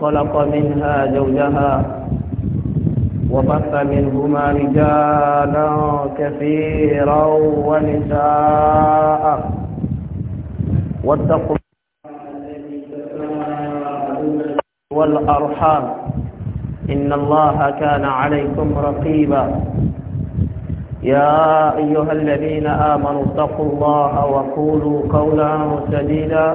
وخلق منها زوجها وبث منهما رجالا كثيرا ونساء واتقوا والأرحام إن الله كان عليكم رقيبا يا أيها الذين آمنوا اتقوا الله وقولوا قولا سديدا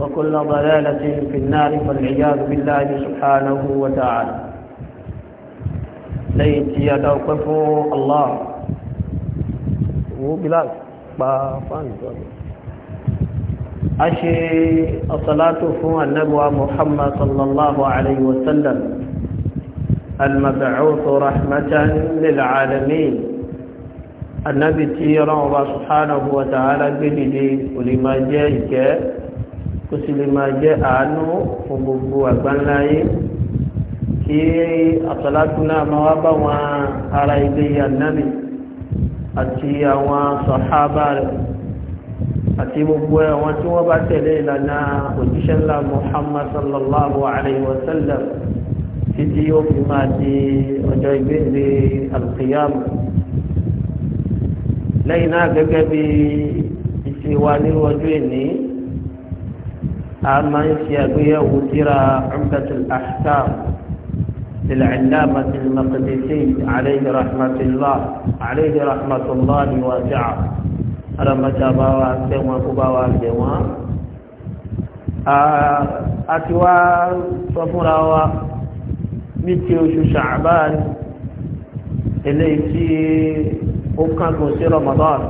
وكل ضلالة في النار فالعياذ بالله سبحانه وتعالى ليت يتوقف الله وبلاد بافان أشي الصلاة فوق النبوة محمد صلى الله عليه وسلم المبعوث رحمة للعالمين النبي تيرا الله سبحانه وتعالى بلدي ولما جاء kó sì lè máa jẹ́ àánú fún gbogbo àgbáńláyé kí àtàlátù náà máa wá bá wọn ará ilé ànábì àti àwọn sàhábà rẹ̀ àti gbogbo àwọn tí wọ́n bá tẹ̀lé ìlànà òjíṣẹ́ ńlá Muhammad sallallahu alayhi wa sallam títí yóò fi máa di ọjọ́ ìgbéǹde alqiyama lẹ́yìn náà gẹ́gẹ́ bí ìṣe nírú ọjọ́ ìní a máa ń ṣe àgbéyẹ̀wò tíra Umdatul Ahkam للعلامة المقدسي عليه رحمة الله عليه رحمة الله واسعة رمت باوا سوى كباوا سوى أتوا صفراوا متيوش شعبان إليتي أكاكو سي رمضان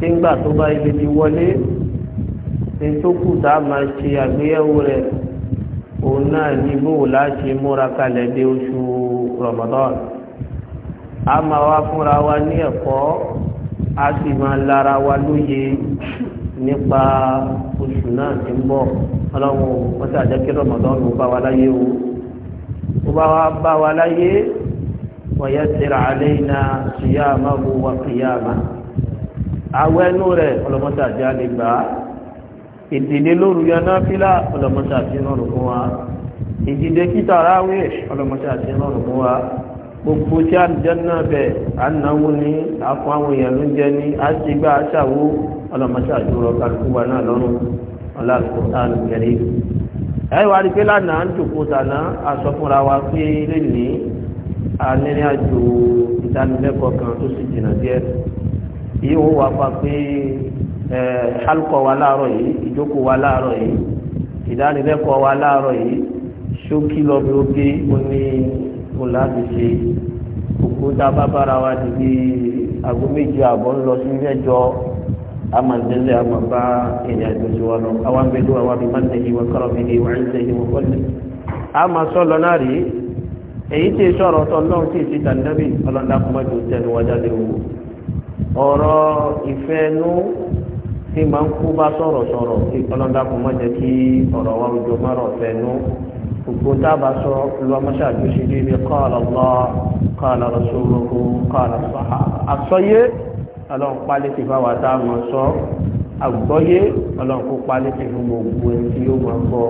تنبا تبا إليتي وليه ètò kù tá a máa ṣe àgbéyẹ̀wò rẹ̀ òun náà ní bóò láti múra kalẹ̀ dé oṣù Ramadan a máa wá fúnra wa ní ẹ̀kọ́ a sì máa lára wa lóye nípa oṣù náà ti ń bọ̀ ọlọ́run wọ́n ti àjẹ́ Ramadan ló bá wa láyé o ó bá wa bá wa láyé àwọn ẹnu rẹ̀ gbà á. ìdílé lóru yaná fílà ọlọ́mọṣà sí rọrùn fún wa ìdílé kíta ráwé ọlọ́mọṣà sí rọrùn fún wa gbogbo tí àjẹ́nà bẹ̀ ànáwó ní àfún àwọn èèyàn ló ń jẹ́ ní àṣìgbà àṣàwó ọlọ́mọṣà àjọrọ̀ kálukú wa náà lọ́rùn ọlọ́àkùn táàlù kẹrì ẹ̀wà rí pé lánàá ń jòkó tàná aṣọ fúnra wa pé lè ní arìnrìn ìdánilẹ́kọ̀ọ́ kan tó sì jìnnà díẹ̀ yíò wà pa pé halkọ wa láàárọ̀ yìí ìjókòó wa láàárọ̀ yìí ìdánilẹ́kọ̀ọ́ wa láàárọ̀ yìí ṣókí lọ bí ó gé ó ní òun láti ṣe òkú tá a bá bára wa ti di aago méjì àbọ̀ ń lọ sí mẹ́jọ amandẹ́lẹ̀ amaba ìrìn àjò sí wa lọ àwọn abẹ́lẹ́ wa wà bí mọ́tẹ́yì wà kọ́rọ̀ mi ní wà ń tẹ̀yìn wọ́n kọ́lẹ̀. a máa sọ lọ náà rí èyí tí sọ̀rọ̀ tọ́ lọ́hùn tí ìsìta nẹ́bí tẹnu wájà lè wò ọ̀rọ̀ ìfẹ́ tí máa ń kó bá sọ̀rọ̀ sọ̀rọ̀ tí ọlọ́dà kò má jẹ́ kí ọ̀rọ̀ wa ojú ọmọ rọ̀ fẹ́nu gbogbo dábàá sọ lọ́mọṣẹ́ àjọṣe débi qala Allah qala rasuluhu qala sahaba àsọyé ọlọ́run pálí ti bá wa dá wọn sọ àgbọ́yé ọlọ́run kó pálí ti fún gbogbo ẹni tí yóò máa gbọ́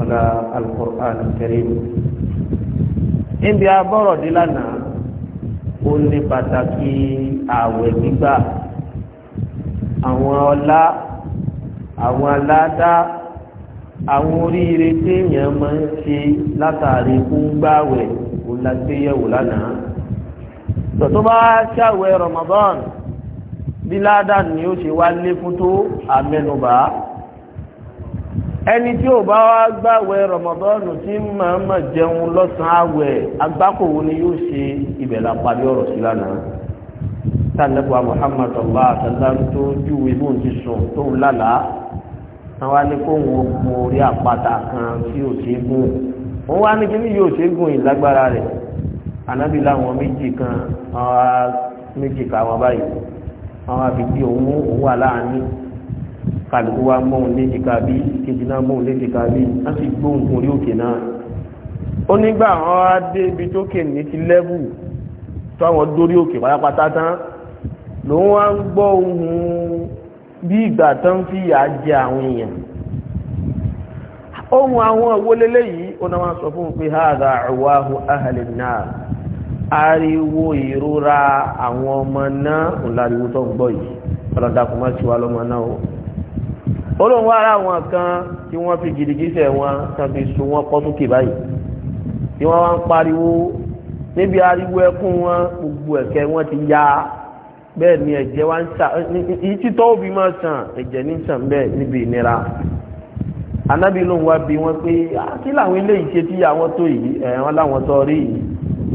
ọ̀la al-Qur'an al-Karim. níbi abọ́rọ̀ dí lánàá ó ní pàtàkì ààwẹ̀ gbígbà àwọn ọlá àwọn aládá àwọn oríire téèyàn máa ń ṣe látàrí kúngbàwẹ̀ kó lágbéyẹ̀wò lánàá tọ̀tọ́ bá ṣàwẹ̀ Ramadan bí ládàá ni ó ṣe wá lékún tó àmẹnubà ẹni tí ò bá wá gbàwẹ̀ rọmọdọ́nù tí màmá jẹun lọ́sàn-án àwẹ̀ agbákòwò ni yóò ṣe ibẹ̀ ọ̀rọ̀ sí lánàá sálẹ́bùwà Muhammad ọba àtàlám tó júwe bóun ti sùn tó ń lálàá àwọn anìkóhùn ogun orí àpáta kan tí ò ṣe é gùn wọn wá ní kíní yóò ṣe gùn ìlágbára rẹ̀ ànábì láwọn méjì kan àwọn méjì kan àwọn báyìí àwọn àfìdí òun òun wà láàánú kálukú wa mọ́hun léjì kábí kejì náà mọ́hun léjì kábí wọ́n sì gbóhùn orí òkè náà ó nígbà àwọn adé ibi tó ní ti lẹ́bù tó àwọn dórí òkè pátápátá tán ló ń wá ń gbọ́ ohun bí ìgbà tó ń fìyà jẹ àwọn èèyàn ohun àwọn ìwólélé yìí ó náà sọ fún un pé haza àwáhu ahàlì náà ariwo ìrora àwọn ọmọ náà ńláriwo tó ń gbọ́ kan tí wọ́n fi wọn pọ́ sókè báyìí tí wọ́n wá ń pariwo níbi ariwo ẹkún wọn ya bẹ́ẹ̀ ni ẹ̀jẹ̀ wa ń sà ní títọ́ òbí máa sàn ẹ̀jẹ̀ ní sàn bẹ́ẹ̀ níbi ìnira anábì ló ń wá bí wọn pé ah, kí làwọn eléyìí ṣe tí àwọn tó yìí ẹ̀wọ̀n láwọn tó rí yìí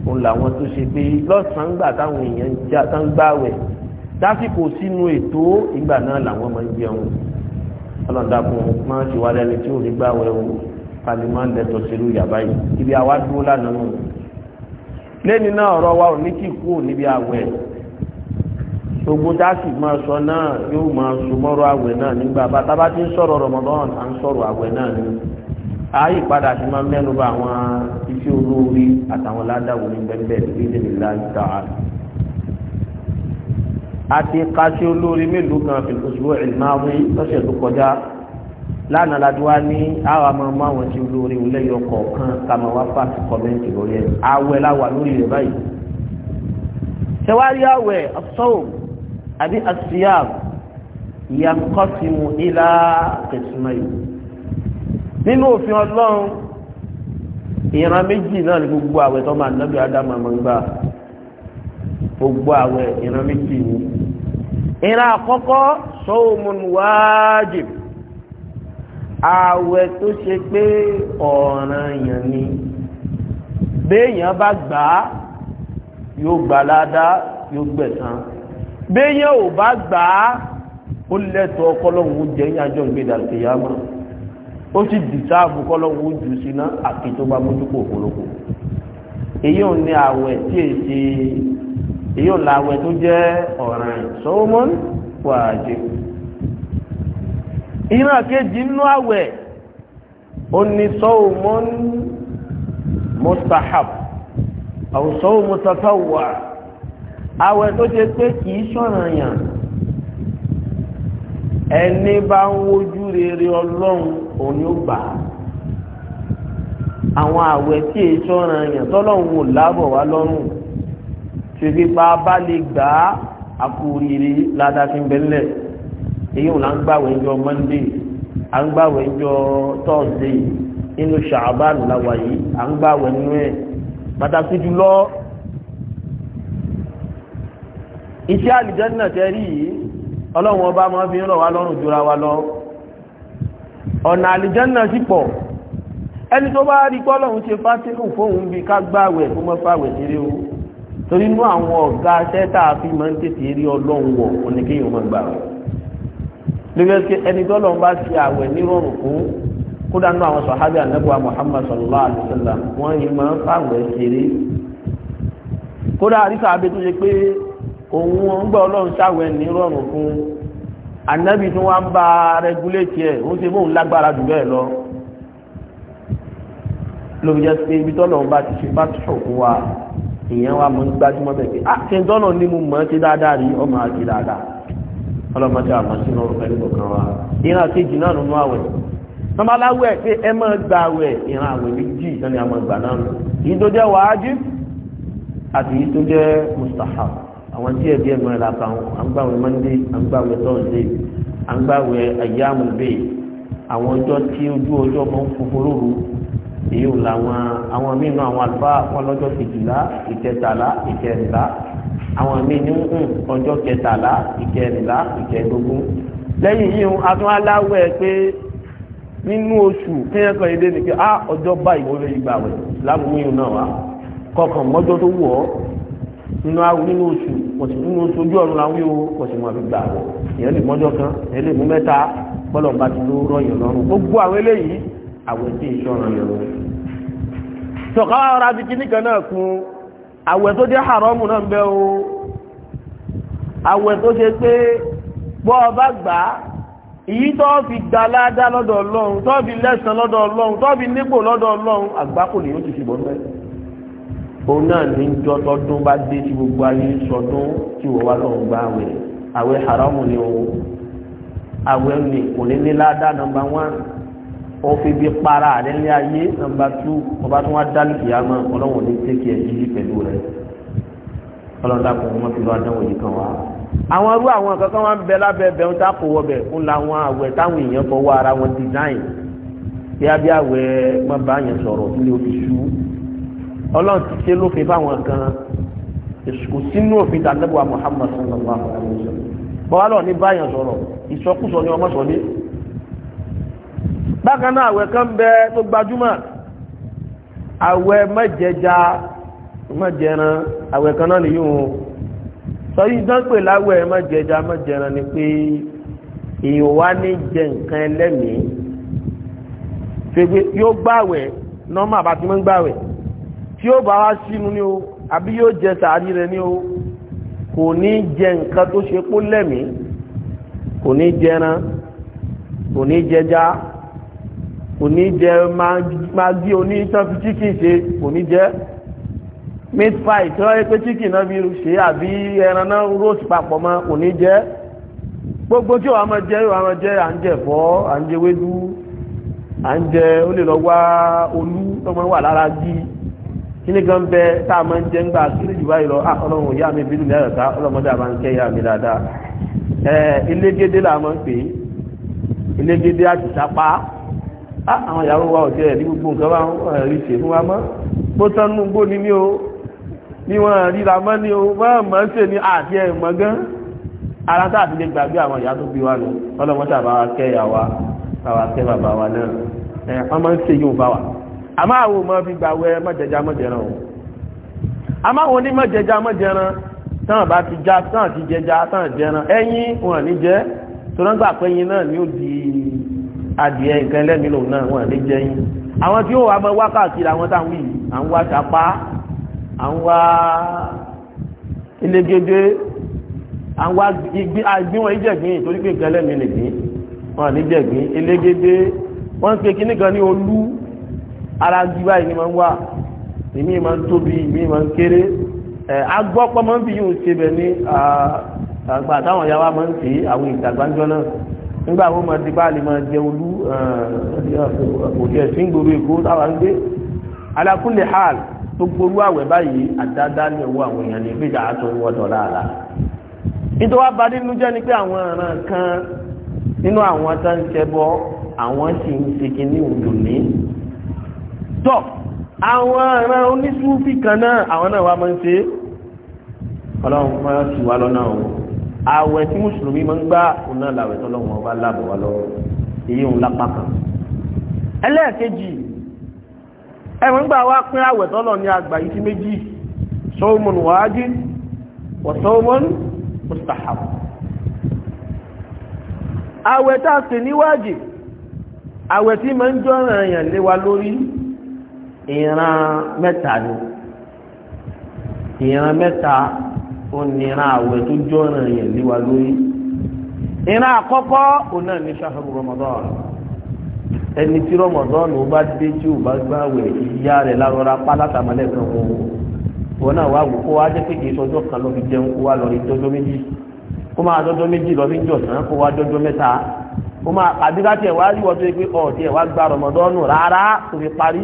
òun làwọn tó ṣe pé lọ́sàn-án gbà táwọn èèyàn já tán gbààwẹ̀ dásìkò sínú ètò ìgbà náà làwọn máa ń jẹun ọlọ́dàkùn máa ń ṣèwádìí ẹni tí ò ní gbààwẹ̀ o pali máa ń lẹ́tọ̀ sílùú yàrá yìí ibi àwa dúró lánàá nù lẹ́ni náà ọ̀rọ̀ wa ò ní kí kú níbi àwẹ̀ gbogbo dáàsì máa sọ náà yóò máa sọmọ́rọ̀ àwẹ̀ náà nígbà bàtà bá ti ń sọ̀rọ̀ Ramadan à ń sọ̀rọ̀ àwẹ̀ náà ni ààyè padà sí máa mẹ́nu bá àwọn iṣẹ́ olóore àtàwọn ládàwọ̀ ní bẹ́ẹ̀ bíi àti kásí olóore mélòó kan fìlòsùwò ìmáwé lọ́sẹ̀ tó kọjá lánàá la dúwá ní àwọn ọmọ ọmọ àwọn tí olóore wọlé yọ kọ̀ọ̀kan kàmá wá fàtí kọ́mẹ́ǹtì lórí ẹ̀ awẹ́ àbí asiyam yankọ́sìmù ilá kẹsìmáyì nínú òfin ọlọ́run ìran méjì náà ní gbogbo àwẹ̀ tó máa nábì ádámù àmọ́ngbà gbogbo àwẹ̀ ìran méjì ni ìran àkọ́kọ́ sọ́ọ̀mùn wájib àwẹ̀ tó ṣe pé ọ̀ranyàn ni béèyàn bá gbà yóò gbà ládàá yóò gbẹ̀san béèyàn ò bá gbà á ó lẹ́tọ̀ọ́ kọ́lọ́hún jẹ́ ní ajọ́ ìgbéda kìyàmọ́ ó sì dìsáàbù kọ́lọ́hún jù síná àti tó bá mójúkò òfurufú èyí ò ní àwẹ̀ tí èsì èyí ò láwẹ̀ tó jẹ́ ọ̀ràn sọ́wọ́mọ́n wàájẹ́ ìran kejì nínú àwẹ̀ ó ní sọ́wọ́mọ́n mustahab àwùsọ́wọ́ mutatawwa àwẹ̀ tó ṣe pé kìí ṣọ̀ranyàn ẹni bá ń wojú rere ọlọ́run òun ni ó gbà á àwọn àwẹ̀ tí èyí ṣọ̀ranyàn tọ́lọ́run wò lábọ̀ wá lọ́rùn ṣègbè bá lè gbà á èyí ò là ń gbàwẹ̀ monday à ń gbàwẹ̀ ń thursday nínú ṣàbánu làwà yìí à ń gbàwẹ̀ nínú iṣẹ́ àlìjẹ́nà tẹ́rí yìí ọlọ́run ọba máa fi ń rọ̀ wá lọ́rùn jura wa lọ ọ̀nà àlìjẹ́nà sì pọ̀ ẹni tó bá rí pọ́lọ́run ṣe fásitì fóun bí ká gbàwẹ̀ fún mọ́fàwẹ̀ ṣeré o torí inú àwọn ọ̀gá aṣẹ́ tá a fi máa ń tètè rí ọlọ́run wọ̀ oníkéyìn máa gbà wọ́n lórí ẹsẹ̀ ẹni tó lọ́n bá ṣe àwẹ̀ nírọ̀rùn fún kódà nínú àwọn sọ̀hábì ànábùwà Muhammad sallallahu alaihi wasallam wọ́n yìí máa ń fàwẹ̀ ṣeré kódà àríṣà abẹ́ ṣe pé òun ọgbà ọlọ́run ṣàwẹ̀ ní rọrùn fún anábì tí wọ́n bá rẹgúlétì ẹ̀ ó ṣe bóun lágbára jù bẹ́ẹ̀ lọ jẹ́ pé ibi bá ti ṣe fún wa ìyẹn wa mọ́ gbájúmọ́ bẹ̀ pé ah, ní mo mọ̀ dáadáa rí ọmọ àti dáadáa ọlọ́mọdé pẹ̀lú wa ìran náà nínú àwẹ̀ tọ́mọláwẹ̀ pé ẹ gba àwẹ̀ ìran àwẹ̀ méjì ìtọ́ni náà tó jẹ́ àti tó àwọn díẹ̀ díẹ̀ mọ́ ẹ̀la kan à ń gbàwé mọ́ndé à ń gbàwé tọ́sídé à ń gbàwé ayámùbé àwọn ọjọ́ tí ojú ọjọ́ kan ń fòfòrò rú èyí ò làwọn àwọn mínú àwọn àlùfáà wọn lọ́jọ́ kejìlá ìkẹtàlá ìkẹrìnlá àwọn mínú ń ọjọ́ kẹtàlá ìkẹrìnlá ìkẹẹ̀dógún lẹ́yìn yìí ń atún aláwẹ̀ pé nínú oṣù kéèyàn kan yìí dé ni pé á ah, ọjọ́ báyìí wọlé ìgbà wẹ̀ láàmú yìí náà wá kọkàn mọ́jọ́ tó wù ọ́ nínú nínú oṣù kòsì nínú oṣù ojú ọ̀run la wí o kòsì mọ̀ fi gbà wọ̀ èèyàn lè mọ́jọ́ kan èèyàn lè mú mẹ́ta bọ́lọ̀ bá ti ló rọ̀yàn lọ́rùn gbogbo àwọn eléyìí àwọn tí ìṣọ́ ọ̀ràn yẹn lọ. sọ̀kà ara fi kíní kan náà kun àwẹ̀ tó jẹ́ haramu náà ń bẹ o àwẹ̀ tó ṣe pé bọ́ ọ bá gbà á èyí tó fi gba ládá lọ́dọ̀ ọlọ́run tó fi lẹ́sàn lọ́dọ̀ ọlọ́run tó fi nípò lọ́dọ̀ òun náà ní jọ tọdún bá dé tí gbogbo ayé sọdún tí wọ́n wá lọ ń gba àwẹ̀ àwẹ̀ haramu ni o àwẹ̀ ni kò ní ní ládàá nọ́mbà wán ó fi bí para àdéhùn ayé nọ́mbà tú ọba tó wá dálùkì yá mọ́ ọlọ́wọ́n ní tẹ́kì ẹ̀ yìí pẹ̀lú rẹ̀ ọlọ́run dàpọ̀ wọn fi lọ àdánwò yìí kan wá. àwọn irú àwọn kankan wọn bẹ lábẹ́ bẹ̀ ń ta kò wọbẹ̀ ń la wọn àwẹ̀ táwọn èèyàn fọwọ́ ara wọn design bí abẹ́ àwẹ̀ má ọlọ́run ti ṣe lófin fáwọn kan kò sínú òfin tàbí Muhammad sallallahu alaihi wasallam bọ́wá lọ ní báyàn sọ̀rọ̀ ìsọkúsọ ni ọmọ sọ̀dé bákan náà àwẹ̀ kan bẹ tó gbajúmọ̀ àwẹ̀ mẹ́jẹja mẹ́jẹran àwẹ̀ kan náà nìyí wọn sọ yìí dánpè láwẹ̀ mẹ́jẹja mẹ́jẹran ni pé èèyàn wá ní jẹ nǹkan ẹlẹ́mìí fègbè yóò gbàwẹ̀ nọ́mà bá ti mọ́ gbàwẹ̀ tí ó bá wá sínú ní o àbí yóò jẹ sàárì rẹ ní o kò ní jẹ nǹkan tó ṣe lẹ́mí kò ní jẹran kò ní kò ní jẹ magi fi chicken ṣe kò ní jẹ meat pie tí wọ́n yẹ pé chicken náà fi ṣe àbí ẹran roast papọ̀ gbogbo tí wàá máa jẹ wàá máa jẹ à ń jẹ ẹ̀fọ́ à ń jẹ à kíni gan bẹ tá a máa ń jẹ ń gbà kiri jù báyìí lọ ah, ọlọ́run ìyá mi bínú mi àyọ̀ká ọlọ́mọdé àbá ń kẹ́ ìyá mi dáadáa ilégédé la máa ń pè é ilégédé àtìsápá ah, àwọn ìyàwó wa ọ̀jẹ̀ ẹ̀rí gbogbo nǹkan bá ń rí ṣe fún wa mọ́ bó tán ni mí o ni wọ́n ríra mọ́ ni o wọ́n mọ̀ ń ṣe ní àti ẹ̀mọ́ gan ara tá àti lè gbàgbé àwọn ìyá tó wa lọ ọlọ́mọdé àbá wa kẹ́ ìyá wa àwa kẹ́ bàbá wa náà ọmọ ń ṣe yóò bá wa àmọ́ àwọn ọmọ fi gbà wẹ mọ́jẹjá mọ́jẹran o àmọ́ àwọn oní mọ́jẹjá mọ́jẹran tán bá ti já tán ti jẹjá tán jẹran ẹyin wọn ní jẹ tọ́nàgbà pẹ́yìn náà ni ó di adìẹ nǹkan ẹlẹ́mìí lòun náà wọn ní jẹ yín àwọn tí ó wà mọ́ wákàtí àwọn táwọn yìí à ń wá sapá à ń wá elégédé à ń wá gbín wọn ìjẹ̀gbín torí pé nǹkan ẹlẹ́mìí nìgbín wọn ní jẹ̀gbín elégédé wọ́n ń pe kíní ní olú ara jí báyìí ni ma ń wà ìmí ma ń tóbi ìmí ma ń kéré agbọ́pọ̀ ma ń fi yíò ṣe bẹ̀ ní àgbà táwọn yàwá ma ń ṣe àwọn ìdàgbàjọ́ náà nígbà wọn ma ti bá lè ma jẹ olú òkè síngboro èkó táwọn ń gbé alákùnlé hall tó gború àwẹ̀ báyìí àdáadáa ní ọwọ́ àwọn èèyàn ní ìgbéjà àtọ́ ìwọ́dọ̀ láàlá nítorí wá bá nínú jẹ́ ni pé àwọn ọ̀ràn kan nínú àwọn tó ń ṣẹbọ àwọn sì ń ṣe kinní òdò ní tọ́ àwọn ará onísúfì kan náà àwọn náà wá mọ́ ń ṣe ọlọ́run máa ti wá lọ́nà ọ̀hún àwẹ̀ tí mùsùlùmí máa ń gbá òun náà làwẹ̀ tọ́lọ́run ọba láàbọ̀ wá lọ́wọ́ èyí òun lápá kan sí méjì àwẹ̀ tí máa ń jọ́ràn èèyàn lé wa lórí ìran mẹ́ta ni ìran mẹ́ta ó ní ìran àwẹ̀ tó jọ́nà yẹn líwa lórí ìran àkọ́kọ́ ò náà ní ṣáfẹ́rù Ramadan ẹni tí Ramadan ló bá dé tí ò bá gbàwẹ̀ ìyá rẹ̀ lárọra pálátàmọ́lẹ̀ kan wọn wọn náà wá wò kó wá jẹ́ pé kì í sọjọ́ kan ló fi jẹun kó wá lọ rí dọ́jọ́ méjì kó máa dọ́jọ́ méjì lọ fi jọ̀sán kó wá dọ́jọ́ mẹ́ta kó máa àbíká tiẹ̀ wá rí tó yẹ pé ọ̀ tiẹ̀ wá gba Ramadan rárá kò fi parí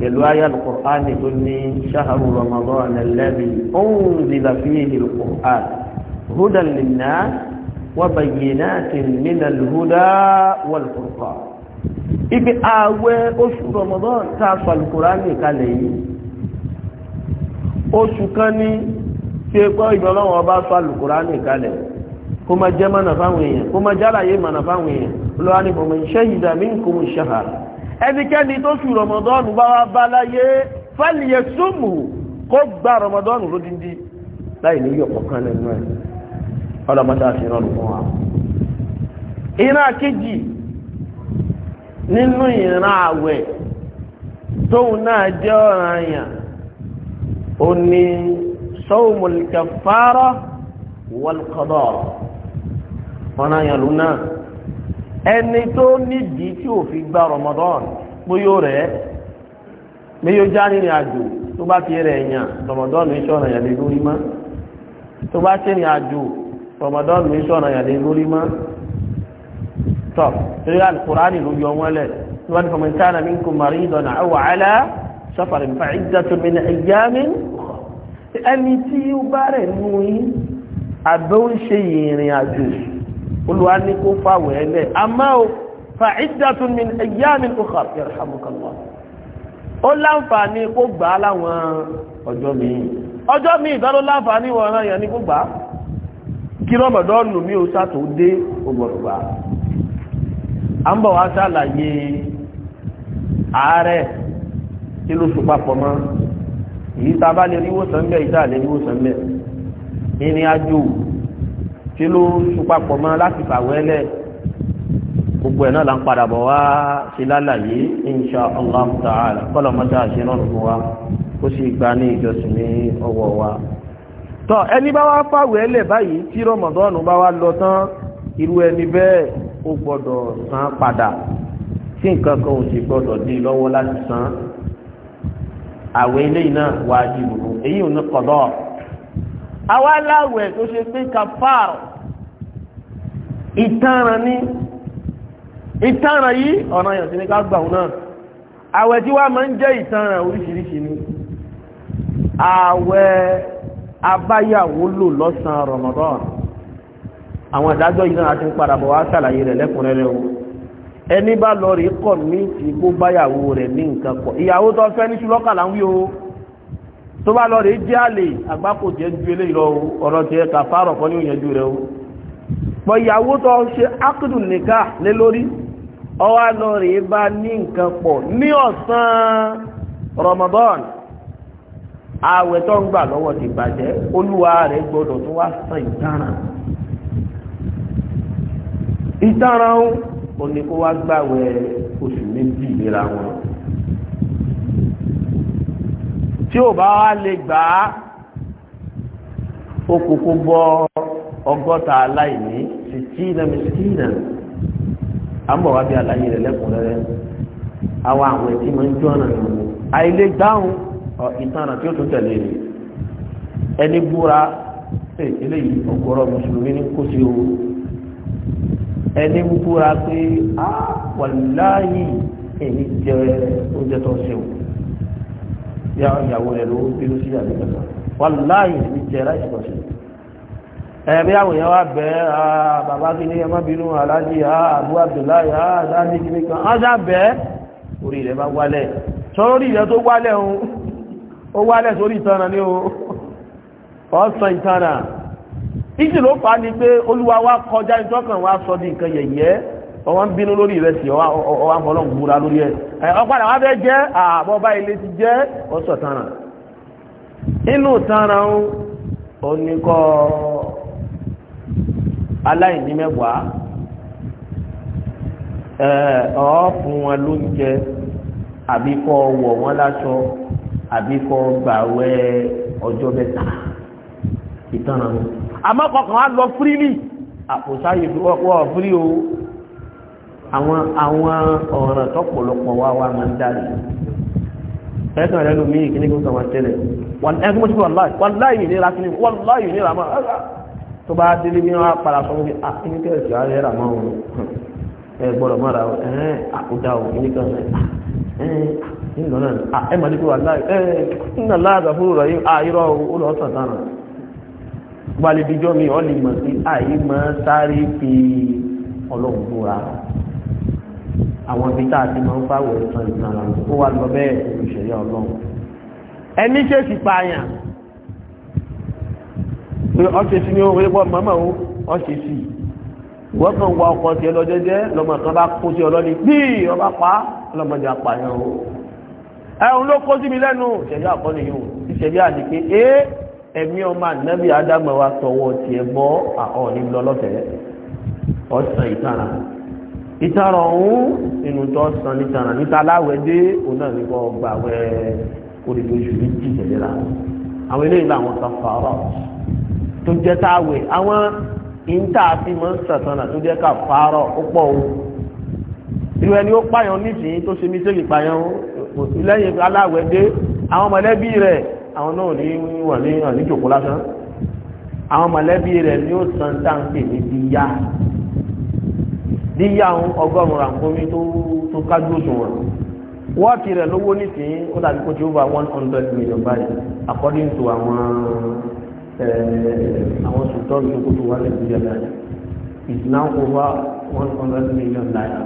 pẹ̀lú ayé alukur'ani tó ní ṣaharu ramadan alladhi unzila fihi alukur'an hudan linnas wa bayyinatin minal huda wal furqan ibi ààwẹ̀ oṣù ramadan tá a sọ alukur'ani kalẹ̀ yìí oṣù kan ní ṣe pé ìgbọ́lọ́wọ́ bá sọ alukur'ani kalẹ̀ kó máa jẹ́ mọ̀nà fáwọn èèyàn kó máa jálàyé mọ̀nà fáwọn èèyan lọ́wọ́ ẹnikẹ́ni tó ṣù rọmọdọ́nù bá wá bá láyé fẹ́lìyẹ súnmù kó gba rọmọdọ́nù lódindi láì ní yọ̀pọ̀ kan lẹ́nu ẹ̀ ọlọ́mọdé àti ìrọ̀lù fún wa ìran àkejì nínú ìran àwẹ̀ tóun náà jẹ́ ọ̀ràn àyàn ó ní sọ́wọ́mọ̀lì kẹfàárọ̀ wọ́lùkọ́dọ̀ ọ̀ràn àyàn lónàá ẹni tó nídìí tí ò fi gba Ramadan bóyó rẹ bóyó já nínú àjò tó bá ti rẹ ẹyàn Ramadan ní sọ̀rọ̀ yàrá lórí mọ́ tó bá ṣe ní àjò Ramadan ní sọ̀rọ̀ yàrá lórí mọ́ tọ́ torí alukurani ló yọ wọn lẹ̀ wọn ni faman kana minkum maridan aw ala safarin fa iddatun min ayyamin ẹni tí ó bá rẹ̀ nù yín àbẹ̀wò ṣe ìrìn àjò olùwà ní kó fàwọ̀ ẹ lẹ̀ àmọ́ o fa iddatun min ayyamin ukhar yarhamukallah ó láǹfààní kó gbà á láwọn ọjọ́ míì ọjọ́ míì ìdánwò láǹfààní wọn náà yẹn ní kó gbà á kí rọ́mọ̀dọ́nù mi ò sàtò dé ògbọ̀nùgbà à ń kí ló sopapọ̀ mọ́ láti fàwẹ́ lẹ̀ gbogbo ẹ̀ náà là ń padà bọ̀ wá sí lálàyé insha allah ta'ala kọ́lọ̀ mọ́tà àṣẹ náà fún wa ó sì gba ní ìjọsìn ní ọwọ́ wa. tọ́ ẹni bá wá fàwẹ́ lẹ̀ báyìí tí rọmọdọ́ọ̀nù bá wá lọ tán irú ẹni bẹ́ẹ̀ ó gbọ́dọ̀ san padà tí nǹkan kan ò sì gbọ́dọ̀ dé lọ́wọ́ láti san àwẹ̀ eléyìí náà wájú èyí ò ní kọ̀dọ̀ọ̀ àwa láwẹ̀ tó ṣe pé kàfáà ìtanràn ní ìtanràn yìí ọ̀nà yàn sí ní ká òun náà àwẹ̀ tí wá máa ń jẹ́ ìtanràn oríṣiríṣi ni àwẹ̀ abáyàwó lò lọ́sàn Ramadan àwọn ìdájọ́ yìí náà ti ń padà bọ̀ wá ṣàlàyé rẹ̀ lẹ́kùnrẹ́rẹ́ o ẹni bá lọ rí kọ̀ ní ti kó báyàwó rẹ̀ ní nǹkan pọ̀ ìyàwó tó tó bá lọ rè é jẹ́ àlè àgbákò tiẹ̀ ju eléyìí lọ ọ̀rọ̀ tiẹ̀ kà fárọ̀ fọ́ ní òyìnbó rẹ o pọ̀ ìyàwó tó ṣe ákùdù nìka lé lórí ọwọ́ lọ rè é bá ní nǹkan pọ̀ ní ọ̀sán Ramadan ààwẹ̀ tó ń gbà lọ́wọ́ ti bàjẹ́ olúwa rẹ̀ gbọ́dọ̀ tó wá san ìtanràn ìtanràn ó ní kó wá gbàwẹ̀ oṣù méjì léra wọn tí ò bá wá lè gbà á ó kúkú bọ́ ọgọ́ta aláìní sìtínà mìsìtínà à ń bọ̀ wá bí àlàyé rẹ̀ lẹ́kùnrẹ́rẹ́ àwọn àwọn ẹtí máa ń jó ọ̀nà nù àìlè dáhùn ìtànà tí ó tún tẹ̀lé rẹ̀ ẹni búra eléyìí ọ̀gọ̀rọ̀ mùsùlùmí ní kó sí o ẹni búra pé á wàláyé èyí jẹ oúnjẹ tó ń ṣe o yá ìyàwó rẹ̀ ló bínú sí àbí kẹta wàláhì ní jẹ láì pọ̀ sí ẹ̀bí àwọn èèyàn wá bẹ́ ah, bàbá kí ní ẹ má bínú aláàjì àbú ah, abdullahi ah, aláàjì kìíní kan á sá bẹ́ orí rẹ̀ bá wálẹ̀ sórí rẹ̀ tó wálẹ̀ ohun ó wálẹ̀ sórí ìtànà ní o ọ̀sán ìtànà ìjì ló fà á ni pé olúwa wa kọjá ìjọkàn wa sọ di nǹkan yẹ̀yẹ́ ọwọ́ ń bínú lórí ìrẹsì ọwọ́ afọlọ́n gbúra lórí ẹ̀ ọ̀padà wá fẹ́ jẹ́ àbọ̀bá ilé ti jẹ́ ọ̀sọ̀ tánà inú tánà ń oníkọ́ aláìní mẹ́wàá ọ̀ fún wọn lóúnjẹ àbí kọ́ wọ̀ wọ́n láṣọ àbí kọ́ gbàwẹ̀ ọjọ́ mẹ́ta ìtánà ń àmọ́ kọkàn á lọ fírílì àpòsáyè ọ̀pọ̀ fírí o àwọn àwọn ọ̀ràn tọ́pọ̀lọpọ̀ wá wá máa ń dáre ẹ̀ẹ́sàn rẹ̀ lómi ìkíní kó sọ̀rọ̀ tẹ́lẹ̀ ẹgbẹ́ mọ́sí wàláì wàláì nira kíní wàláì nira máa rárá tó bá délé bí wọ́n padà sọ wípé akíní kẹ́ẹ̀sì àárẹ̀ rà máa wọn ẹ gbọ́dọ̀ máa ra kan ẹ̀ẹ́n ìlọ́nà ẹ mọ̀ ah, ah, nípa wàláì ẹ̀ẹ́n ìnà láàbà fún rọ̀ yìí àìrọ̀ olóòsàn tánà gbalẹ̀ bíjọ́ mi ọ̀ lè mọ̀ sí àìmọ̀ sáré fi ọlọ́run àwọn ibi tá a ti máa ń fáwọ̀ ìtàn ìtàn rà ó wà lọ bẹ́ẹ̀ olùṣèlú ọlọ́run ẹni ṣe sì pààyàn pé ọ́ṣẹ́sì ni òun pọ̀ mọ́mọ́ o ọ́ṣẹ́sì wọ́n kàn wá ọkọ̀ tiẹ̀ lọ jẹ́jẹ́ lọ́mọ kan bá kó sí ọlọ́ni bíi ọba pa ọlọ́mọdé apààyàn o ẹ̀hún ló kó sí mi lẹ́nu ìṣẹ̀lẹ̀ àkọ́ni yìí o ìṣẹ̀lẹ̀ àti pé é ẹ̀mí ọmọ ànábì ádámọ̀ wa tọwọ́ tiẹ̀ bọ́ àwọn ìlú ọlọ́fẹ̀ẹ́ ọ̀sán ìtara ìtara ọ̀hún inú tó san nítara níta aláwẹ̀dé òun náà ní kọ́ gbà wẹ́ olùdó oṣù méjì tẹ̀léra àwọn eléyìí làwọn kan fàárọ̀ tó jẹ́ táwẹ̀ àwọn ìńtà àti mọ́ sàtánà tó jẹ́ ká fàárọ̀ ó pọ̀ o irú ẹni ó pààyàn nísìnyí tó ṣe mí sẹ́lì pààyàn lẹ́yìn aláwẹ̀dé àwọn mọ̀lẹ́bí rẹ̀ àwọn náà ní wà ní àníjòkó lásán àwọn mọ̀lẹ́bí rẹ̀ ni ó san táǹkì níbi díyà àwọn ọgọ́rùn-ún ràǹkómi tó kájú òṣùwọ̀n wọ́ọ̀tì rẹ̀ lówó nísìnyí ó dàbí kó ti over one hundred million báyìí according to àwọn eh, àwọn sultan tó kó tó wà nàìjíríà náà is now over one hundred million naira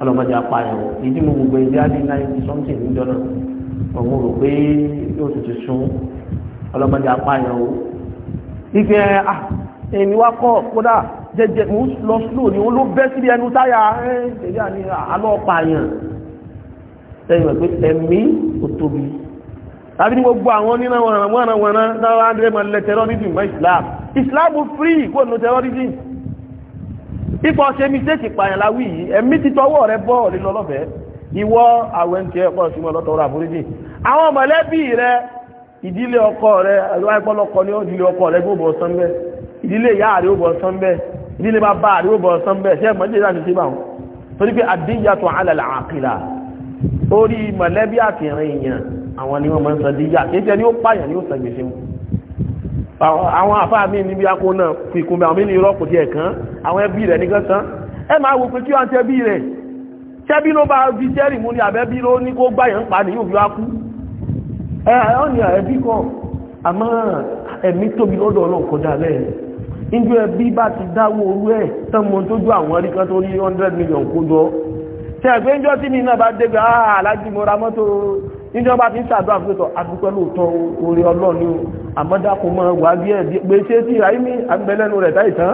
ọlọ́mọdé apáyọ̀ ìdí mo gbogbo ìdí àdí ninety something níjọ náà ọmọ rò pé yóò tún ti sún ọlọ́mọdé apáyọ̀ o. ìfẹ́ ah èmi wá kọ́ kódà jẹjẹ mo lọ slow ni wọn ló bẹ́ síbi ẹnu táyà ẹ ṣèlú àní alọ́ pààyàn sẹ́yìn wẹ̀ pé ẹ̀mí ò tóbi tàbí ní gbogbo àwọn nínú wọ̀nàwọ̀nà náà andré ma lẹ terrorism bá Islam Islam free kò no terrorism ipò ṣe mistake pààyàn láwí yìí ẹ̀mí ti tọwọ́ rẹ bọ́ lílọ lọ́fẹ̀ẹ́ ìwọ àwọn ẹni tí ẹ pọ̀ sí ọlọ́tọ̀ọ́rọ̀ àforíjì àwọn mọ̀lẹ́bí rẹ ìdílé ọkọ rẹ àìpọ́lọkọ ní ìdílé ọkọ rẹ bó bọ̀ sánbẹ́ ìdílé ìyá rẹ ó bọ̀ sánbẹ́ ìdílé bá bá àríwò bọ̀ sán bẹ́ẹ̀ ṣe ẹ̀mọ́ ìdílé láti ṣe bá wọn torí pé àdíyàtọ̀ alàlà àkìlà orí mọ̀lẹ́bí àtìrin èèyàn àwọn ni wọ́n máa ń san díyà kí ṣe ni ó pààyàn ni ó san gbèsè mu àwọn àfáà mi níbi akó náà fi kún mi àwọn mi ní irọ́ kò tiẹ̀ kán àwọn ẹbí rẹ̀ nìkan san ẹ máa wò pé kí wọ́n tẹ́ bí rẹ̀ ṣẹ́bí ló bá fi jẹ́rì mú ní abẹ́bí ló ní kó gbáyàn pa ní òbí wá kú ẹ̀ ọ́ ni ẹbí kan àmọ́ ẹ̀mí tóbi lọ́dọ̀ ọlọ́run kọjá níjọ́ ẹbí bá ti dáwó orú ẹ̀ tánmọ́ tó jọ àwọn rí tó rí 100 million kó jọ tẹ́gbẹ́ níjọ́ tí mi náà bá dégbé aláàlájì ah, mọ́ra mọ́tò níjọ́ bá ti ń sàdọ́ àfikẹ́tọ̀ àdúpẹ́ lóòótọ́ orí ọlọ́ọ̀ni o àmọ́dákò mọ́ wà bí ẹ̀ gbèsè tí ìráyìmí àgbẹ̀lẹ́nu rẹ̀ táì tán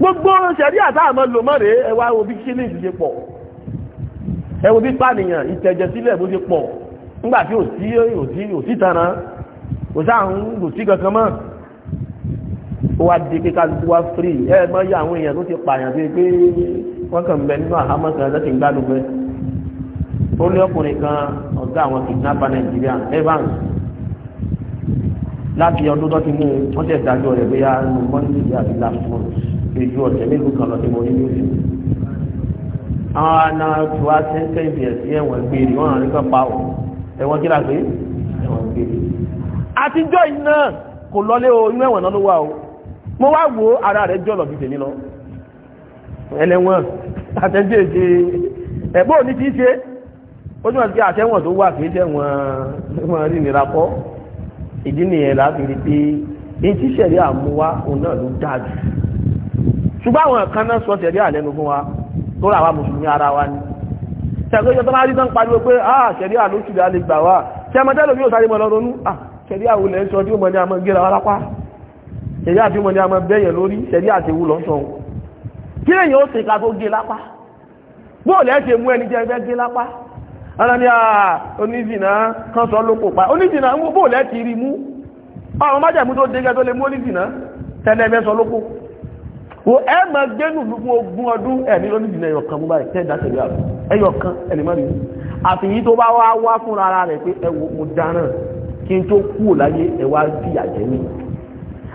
gbogbo ṣẹ̀rí àtàmọ́ lò mọ́ rèé ẹwà òbí kílì ṣe pọ̀ ẹwà òbí pànìyàn ìtẹ̀jẹ̀ sílẹ̀ bó ṣe pọ̀ sí ò sí ò ó wá di kíkà lùkú wá fírí ẹ mọ́ yá àwọn èèyàn tó ti pààyàn bíi pé wọ́n kàn bẹ nínú àhámọ́ kan láti ń gbádùn bẹ́ẹ̀ ó lé ọkùnrin kan ọ̀gá àwọn kìdínápà nàìjíríà Evans láti ọdún tó ti mú wọ́n tẹ̀ dájọ́ rẹ̀ bóyá nù mọ́nìtì àti last month ìjú ọ̀sẹ̀ mélòó kan lọ sí mo ní lóṣù àwọn àna tó wá sẹ́ńtẹ́ ìbẹ̀ẹ̀sì ẹ̀wọ̀n gbére wọn àrí kan pa ọ̀ ẹ̀wọ̀n kí làgbé ẹ̀wọ̀n gbére àtijọ́ iná kò lọlé o inú ẹ̀wọ̀n náà ló wà o mo wá wo ara rẹ̀ jọ̀lọ̀ bí tèmi lọ ẹlẹ́wọ̀n àtẹ́jẹ́ èdè ẹ̀bọ́ ní ti ṣe ó túnmọ̀ sí àtẹ́wọ̀n tó wà kìí tẹ́wọ̀n rí nira kọ́ ìdí nìyẹn láti rí pé èyí tí ṣẹ̀rí àmúwá òun náà ló dáa jù ṣùgbọ́n àwọn kan náà sọ ṣẹ̀rí àlẹ́nu fún wa tó rà wá mùsùlùmí ara wa ni ṣẹ̀gbẹ́jọ́ tó máa rí tán pariwo pé ah ṣẹ̀rí àlóṣù rẹ̀ alẹ́ gbà wá ṣẹ̀mọ́tẹ́lò yóò sáré mọ́ lọ́rọ́nú ah ṣẹ̀rí àwòlẹ̀ ń sọ tí ó mọ̀ ní àmọ́ gẹ́ra wá lápá ṣẹ̀rí àti wọn ni a máa bẹ́yẹ̀ lórí ṣẹ̀rí àti ewu lọ́sọ̀ ohun kí lèyìn ó ṣe ká tó gé lápá bóòlù ẹ̀ ṣe mú ẹni jẹ́ ẹgbẹ́ gé lápá ara ni onízìnà kan sọ ló pa onízìnà mú bóòlù ẹ̀ ti rí mú àwọn májẹ̀mú tó dégẹ́ tó lè mú onízìnà tẹ́lẹ̀ ẹgbẹ́ sọ ló kò wo ẹ máa gbénú fún ogún ọdún ẹ̀mí onízìnà ẹ̀yọ̀kan mú báyìí tẹ́ẹ̀dá ṣẹ̀rí ẹ̀yọ̀kan ẹ̀lẹ́mọ́rin àfihì tó bá wá wá fúnra rẹ̀ pé ẹ̀wọ̀ mo dáná kí n tó kú láyé ẹ̀wà fìyà jẹ́ mi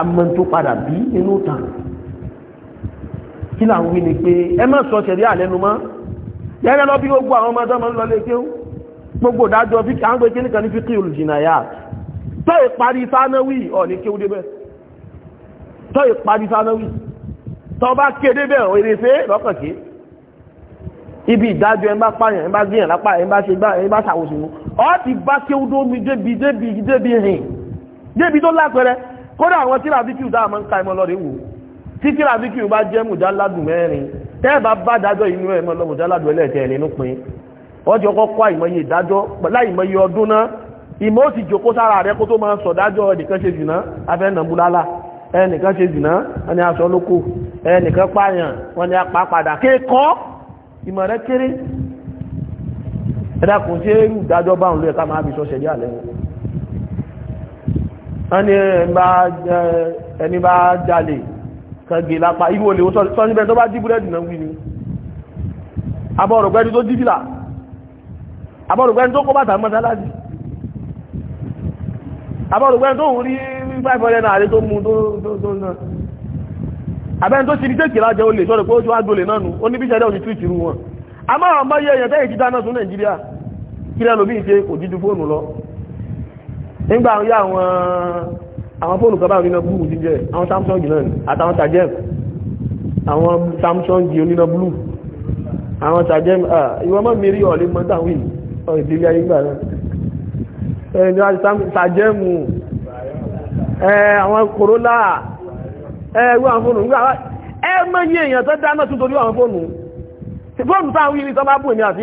amọ́ tó padà bí inú tàn kí là ń wí ni pé ẹ má sọ ṣẹ̀rí àlẹ́nu mọ́ yẹ́rẹ́ lọ bí gbogbo àwọn ọmọdé ọmọ lọ lé kéwú gbogbo ìdájọ́ fíkì àwọn gbé kíníkan ní fíkì olùjìnàyà tó ìparí sánáwì ọ̀ ní kéwú débẹ̀ tó ìparí sánáwì tó bá kéde bẹ́ẹ̀ òyìnbẹ́ lọ́kànkí ibi ìdájọ́ ẹ bá pààyàn ẹ bá gbìyàn lápá ẹ bá ṣe gbá ẹ bá ṣàwòṣùwò ọ ti bá kéwú dómi débi débi débi hìn débi tó lápẹrẹ kódà àwọn tíra bíkìú dáa máa ń ka ẹmọ lọ́rẹ̀ wò tí tíra bíkìú bá jẹ́ mùjáládùn mẹ́rin tẹ́ẹ̀bá bá dájọ́ inú ẹmọ lọ mùjáládùn ẹlẹ́ẹ̀kẹ́ nínú pin ọjọ́ kọ́kọ́ àìmọye ìdájọ́ láìmọye ọdún náà ìmọ̀ ó ti jòkó sára rẹ kó tó máa sọ dájọ́ ẹnìkan ṣe jùná afẹ́nà múlálà ẹnìkan ṣe jùná wọn ni aṣọ lóko ẹnìkan pààyàn wọn ni apá padà kéèkọ́ ìmọ̀ rẹ ẹni bá jalè kàngè lápá ìwò lè sọ níbẹ̀ tó bá jí búrẹ́dì náà wí ni abọ́rùgbẹ́ni tó jíbìlà abọ́rùgbẹ́ni tó kó bàtà mọ́sálásí abọ́rùgbẹ́ni tó ń rí 500 náà rí tó mú tó náà abẹ́ni tó ṣirí tẹ́kì lájẹ́ olè sọ́rọ̀ pé ó ti wá gbolè náà nù ó ní bíṣẹ́ dẹ́ òní túwìtì rú wọn a máa mọ́ yẹ nígbà àwọn àwọn àwọn fóònù kan bá oníná blue jíjẹ àwọn samsung náà àtàwọn tajem àwọn samsung oníná blue àwọn tajem ìwọ́n mọ́ mẹ́rí ọ̀lẹ́ mọ́tàwí ìdílé ayé gbà náà ẹni wá tajẹ́mù àwọn kòrólà ẹgbẹ́ àwọn fóònù nígbà ẹ mọ́ yí èèyàn tó dáná tún torí àwọn fóònù fóònù táwọn ìrìn tó bá bù ní àti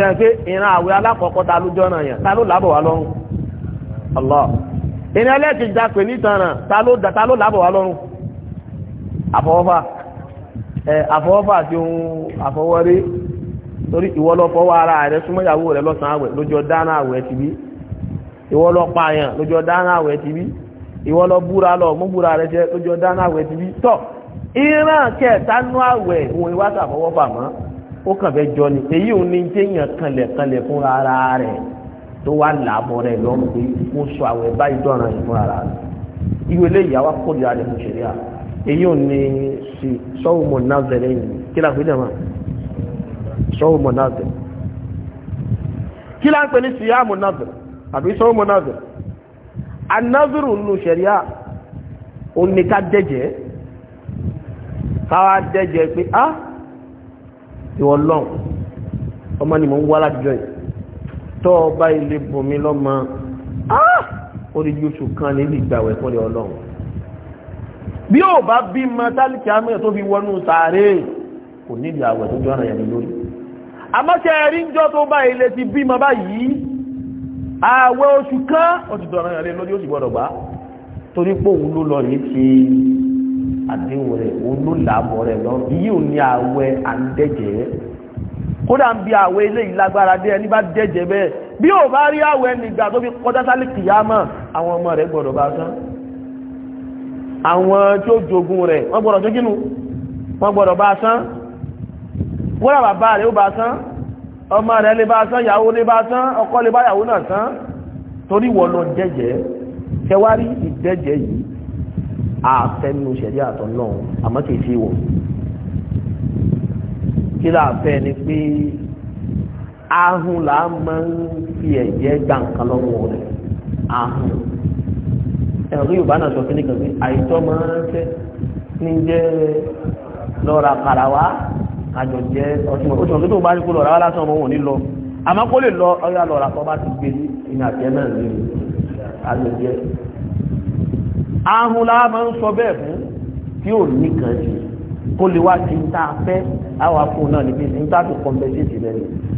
sẹ́yìn pé ìran àwẹ̀ alákọ̀ọ́kọ́ ta ló jọ́nà yẹn ta ló lábọ̀ wá lọ́rùn Allah ìran ẹlẹ́ẹ̀kejì ta pè nítanà ta ló lábọ̀ wá lọ́rùn àfọwọ́fà ẹ àfọwọ́fà àti ohun àfọwọ́rí torí ìwọ lọ fọwọ́ ara rẹ súnmọ́ ìyàwó rẹ lọ́sàn-án àwẹ̀ lójọ́ dáná àwẹ̀ ti bí ìwọ lọ pààyàn lójọ́ dáná àwẹ̀ ti bí ìwọ lọ búra lọ mú búra rẹ jẹ lójọ́ dáná àwẹ̀ ti bí tọ́ ìran kẹta ó kàn fẹ́ jọ ni èyí ò ní jẹ́yàn kanlẹ̀kanlẹ̀ fún ara rẹ̀ tó wá làbọ̀ rẹ̀ lọ́rùn pé kó sọ àwẹ̀ báyìí dọ̀ràn rẹ̀ fún ara rẹ̀ ìwé eléyìí àwa kò lè rẹ̀ fún ṣẹlẹ̀ à èyí ò ní sọ́wọ́ mọ̀ náà zẹ̀rẹ̀ yìí kí láà dẹ̀ máa sọ́wọ́ mọ̀ náà zẹ̀rẹ̀ kí láà ní síyá mọ̀ náà zẹ̀rẹ̀ àbí sọ́wọ́ mọ̀ náà zẹ̀rẹ̀ anáfírù nù ṣẹlẹ̀ à ò ní ká dẹ́jẹ́ káwá dẹ́jẹ́ pé ah ìwọ lọ́n ọmọ ni mo ń wá látijọ́ yìí tọ́ ọba ilé bùnmi lọ́mọ orí ah! yóò kan ní ìgbàwẹ̀ fún ọlọ́run bí ó bá bí ma tálíkì àmì tó fi wọnú sàárè kò nídìí àwẹ̀ tó jọ́nà yẹn lórí àmọ́ṣẹ́ rí ń jọ tó bá ilé ti bí ma báyìí àwẹ̀ oṣù kan ó ti dọ̀nà yẹn lórí ó sì gbọ́dọ̀ gbà torí pòun ló lọ ní ti àdéhùn rẹ̀ olólàbọ̀ rẹ̀ lọ yíò ní àwẹ̀ àndẹ́jẹ́ kódà ń bi àwẹ̀ eléyìí lágbára dé ẹni bá dẹ́jẹ́ bẹ́ẹ̀ bí ò bá rí àwẹ̀ nígbà tó fi kọjá sálẹ̀ kìyàmọ̀ àwọn ọmọ rẹ̀ gbọ́dọ̀ bá tán àwọn tí ó jogun rẹ̀ wọ́n gbọ́dọ̀ tó kínú wọ́n bá tán wọ́n rà bàbá rẹ̀ ó bá tán ọmọ rẹ̀ lè bá tán ìyàwó lè bá tán ọkọ lè bá ìyàwó náà tán torí wọ́n lọ dẹ́jẹ́ kẹwàá rí yìí àfẹ́nu ṣẹ̀rí àtọ̀ náà àmọ́ kìí fi wọ̀ kí láàfẹ́ ni pé ahun là á máa ń fi ẹ̀jẹ̀ gbà nǹkan lọ́wọ́ rẹ̀ ahun ẹ̀rọ yorùbá náà sọ kí ni kàn pé àìtọ́ máa ń fẹ́ ní jẹ́ lọ́ra kàrà wá àjọ jẹ́ ọtí mọ̀ oṣù tó bá rí kó lọ́ra wá lásán ọmọ wọn ní lọ àmọ́ kó lè lọ ọyá lọ́ra kọ́ bá ti gbé ní àjẹ́ náà ní àjọ jẹ́ ahun la máa ń sọ bẹ́ẹ̀ fún tí ò ní kan jù kó lè wá ti ta fẹ́ àwọn afọ náà níbi tí ń ta fi ni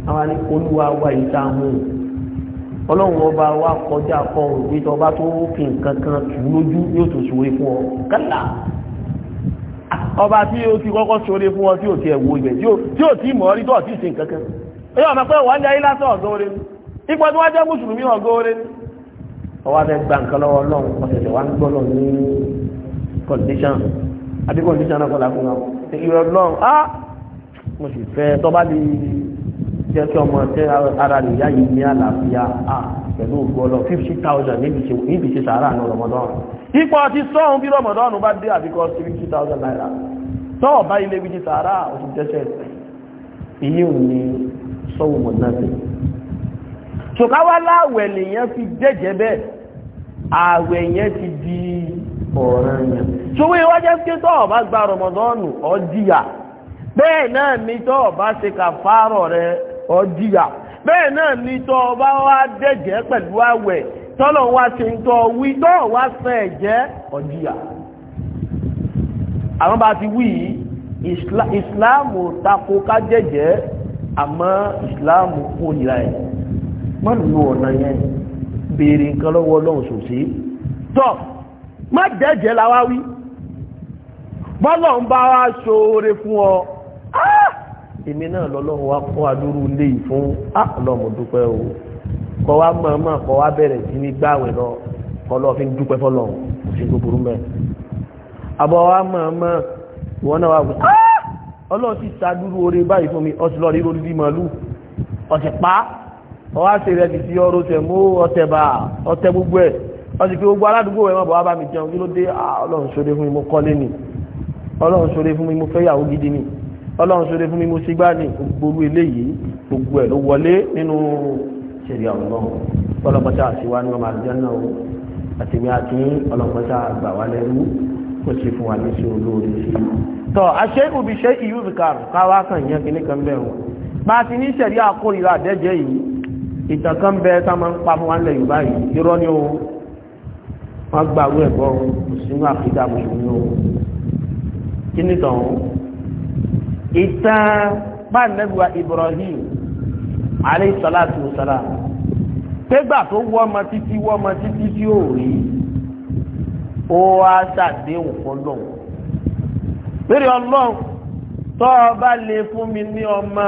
àwọn ni olúwa wá ìta mú ọlọ́run ọba wa kọjá kọ́ òbí tó bá tó fi nǹkan kan tù lójú yóò tó ṣòwe fún ọ kálá ọba tí ó ti kọ́kọ́ ṣòre fún ọ tí ò ti ẹ̀wò ibẹ̀ tí ò tí mọ̀ rí tó ọ̀ tí ì sí nǹkan kan. wọ́n jẹ́ ilá ọ̀gọ́ orin ipò tí wọ́n jẹ́ mùsùlùmí ọ̀gọ́ orin ọwọ́ abẹ́ gba nǹkan lọ́wọ́ ọlọ́run ọ̀sẹ̀sẹ̀ wa ń gbọ́ lọ ní condition àbí condition náà kọ́lá fún wa ìrọ̀ ọlọ́run á mo sì fẹ́ tọ́ bá lè jẹ́ kí ọmọ tẹ́ ara rẹ̀ yá yìí ní àlàáfíà á pẹ̀lú ògbọ́lọ̀ fifty thousand níbi ṣe sàárà ní rọmọdọ́rùn ipò àti sọ́hun bí rọmọdọ́rùn bá dé àbíkọ́ fifty thousand naira tọ́ọ̀ bá ilé ibi ṣe sàárà òtún jẹ́sẹ̀ èyí ò ní sọ́hun mọ̀nàbẹ̀ ṣòkáwá láwẹ̀ lèèyàn fi jẹ́jẹ́ bẹ́ẹ̀ ààwẹ̀ yẹn ti di ọ̀ràn yẹn ṣòwò ìwájú pé tó o bá gba rọmọdọ́nù ọ jìyà bẹ́ẹ̀ náà ni tó o bá ṣe kàfárọ̀ rẹ ọ bẹ́ẹ̀ náà ni tó o bá wá dẹ̀jẹ́ pẹ̀lú àwẹ̀ tọ́lọ̀ wá ṣe ń tọ́ wí tó o wá fẹ́ ẹ̀jẹ́ ọ jìyà àwọn bá ti wí ìsìláàmù tako ká jẹ́jẹ́ àmọ́ ìsìláàmù kò nira ẹ̀ mọ́nù ọ̀nà yẹn béèrè nǹkan lọ́wọ́ ọlọ́run sòsí tọ́ má jẹ́jẹ́ la wá wí bọ́lọ̀ ń bá wá ṣoore fún ọ ah! èmi náà lọ́lọ́run wá kọ́ adúrú ilé yìí fún ah! dúpẹ́ o kọ́ wá mọ̀ mọ̀ kọ́ wá bẹ̀rẹ̀ sí ní gbàwẹ̀ lọ kọ́ lọ́ fi dúpẹ́ fọlọ́ òsì gbogbo mẹ́ àbọ̀ wá mọ̀ mọ̀ ìwọ náà wá wí ah! ọlọ́run ti ṣàdúrú oore báyìí fún mi ọtí lọ́ọ́ rí lórí bí màálù ọtí pa á ọwọ́ àti rẹ̀ ti fi ọrọ̀ tẹ̀ mú ọtẹ̀ bá ọtẹ̀ gbogbo ẹ̀ wọ́n ti gbogbo aládùúgbò ẹ̀ mọ̀ bọ́ bá mi jẹun kí ló dé ọlọ́run ṣoore fún mi mo kọ́lé ni ọlọ́run ṣoore fún gidi ni ọlọ́run ṣoore fún mi mo ṣígbá ni gbogbo eléyìí gbogbo ẹ̀ ló wọlé nínú ṣẹ̀rí àwọn náà ọlọ́pọ̀tà àṣìwá ní ọmọ àdìjọ́ náà àti ìwé àti ọlọ́pọ̀tà àgbà wà lẹ́rú kó sì fún wa ní sí olóore sí i ìtàn kan bẹ tá máa ń pa fún wa ńlẹ̀ yorùbá yìí irọ́ ni o wọ́n gba àwọn ẹ̀gbọ́n mùsùlùmí àfíríkà mùsùlùmí o kí ni tàn ó ìtàn pàǹdẹ́gbà Ibrahim alayhi salatu wa salam pégbà tó wọ́ ọmọ títí wọ́ ọmọ títí tí ò rí ó wá ṣàdéhùn fún lọ́wọ́ péré ọlọ́run tọ́ ọ bá lè fún mi ní ọmọ.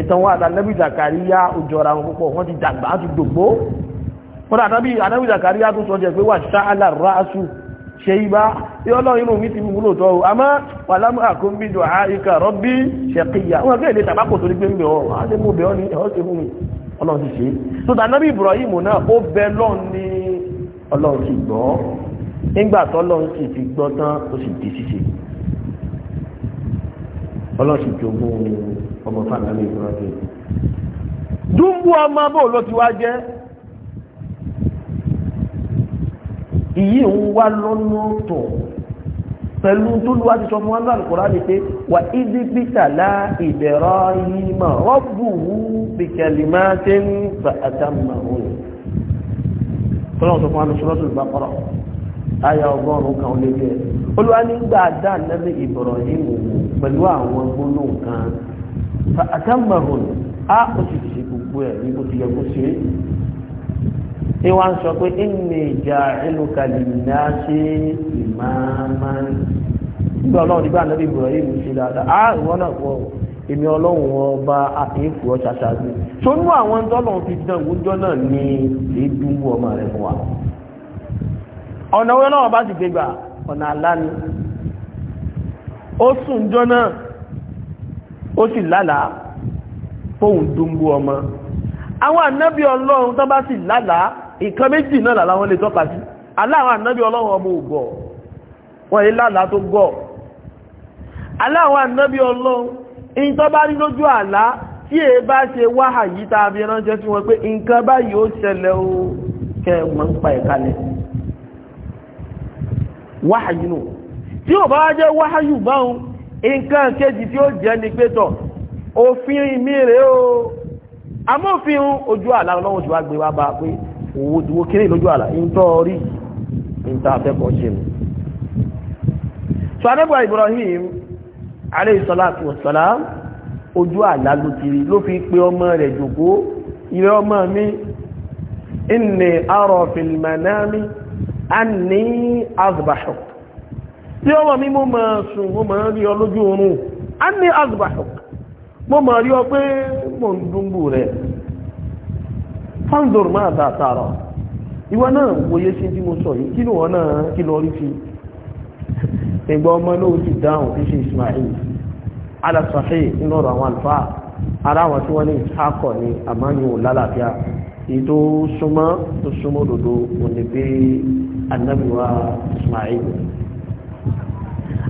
ìtàn wa àtànẹ́bí zakariya òjọra wọn púpọ̀ wọ́n ti dàgbà á ti dògbó kódà àtànẹ́bí zakariya tó sọ jẹ́ pé wà sáàlà ráṣù ṣe ibá yọ́lọ́ inú mi ti wúlò tọ́ o àmọ́ wà lámú àkóńbí jọ àìkà rọ́bí ṣẹ̀kìyà wọ́n kẹ́ ilé tàbákò torí pé ń bẹ̀ ọ́ á ti mú bẹ̀ ọ́ ní ẹ̀họ́ ṣe fún mi ọlọ́run ti ṣe tó Ibrahim náà ó bẹ lọ́n ní ọlọ́run ti gbọ́ nígbà tọ́lọ́run sì ti gbọ́ tán ó sì di ṣíṣe ọlọ́sì jogún ọmọ fàmílì ìfúnraṣẹ́ dúnbù ọmọ bò ló ti wá jẹ́ ìyí ń wá lọ́nà tọ̀ pẹ̀lú tó lu wá ti sọ fún wa náà lùkọ́rá ni pé wà ìdí pítà lá ìbẹ̀rọ yìí mà rọ́bù wú bìkẹ̀lì máa ti ń gbà àtàmà òun. tọ́lọ́ sọ fún wa ní sọ́lọ́sọ̀ ìgbà kọ́rọ̀ aya ọgọ́rùn-ún kan lé bẹ́ẹ̀ olúwa nígbà dá nábì Ibrahim wò pẹ̀lú àwọn gbólóhùn kan àtàmọ̀hùn á ó sì ṣe gbogbo ẹ̀ ní bó ti yẹ kó ṣe é wá ń sọ pé inni ja'iluka lin-nasi imaman nígbà ọlọ́run nígbà nábì Ibrahim ṣe ọ̀nà owó náà bá sì gbé ọ̀nà aláni O ó sùn jọ náà ó sì lálàá ọmọ àwọn ànábì ọlọ́run tó bá sì lálàá nǹkan méjì náà lálàá wọn lè tọ́ka sí aláwọn ọlọ́run ọmọ ògọ̀ wọ́n lè lálàá tó gọ̀ aláwọn ọlọ́run in bá rí lójú àlá tí è bá ṣe wáhà yìí tàbí ránṣẹ́ sí wáhàyù nù tí ò bá jẹ́ wáhàyù báhùn nǹkan kejì tí ó jẹ́ ni pé tọ̀ òfin mi rèé o amófin ojú àlà ọlọ́run ti wá gbé wá bá pé òwò ìwò kéré lójú àlà ìntọ́ orí ìntà afẹ́kọ̀ọ́ ṣe mi so adébọ̀ Ibrahim alayhi salatu wassalam ojú àlá ló ti rí ló fi pé ọmọ rẹ̀ jòkó ilé ọmọ mi inni ara fil manami anni azbahuk tí ọmọ mi mo máa sùn mo máa rí ọ lójú oorun anni azbahuk mo máa rí ọ pé mo ń dúnbù rẹ̀ fáńdòrò máa dà tààrọ̀ ìwọ náà wòye sí tí mo sọ yìí kí ló wọ́n náà kí lọ rí fi ìgbà ọmọ náà ti dáhùn tí ṣe Ismail alasafẹ́ nínú ọ̀rọ̀ àwọn àlùfáà ara àwọn tí wọ́n ní ìsákọ̀ ni àmọ́ ni ò lálàáfíà èyí tó súnmọ́ tó súnmọ́ òdòdó ànábì wa Ismail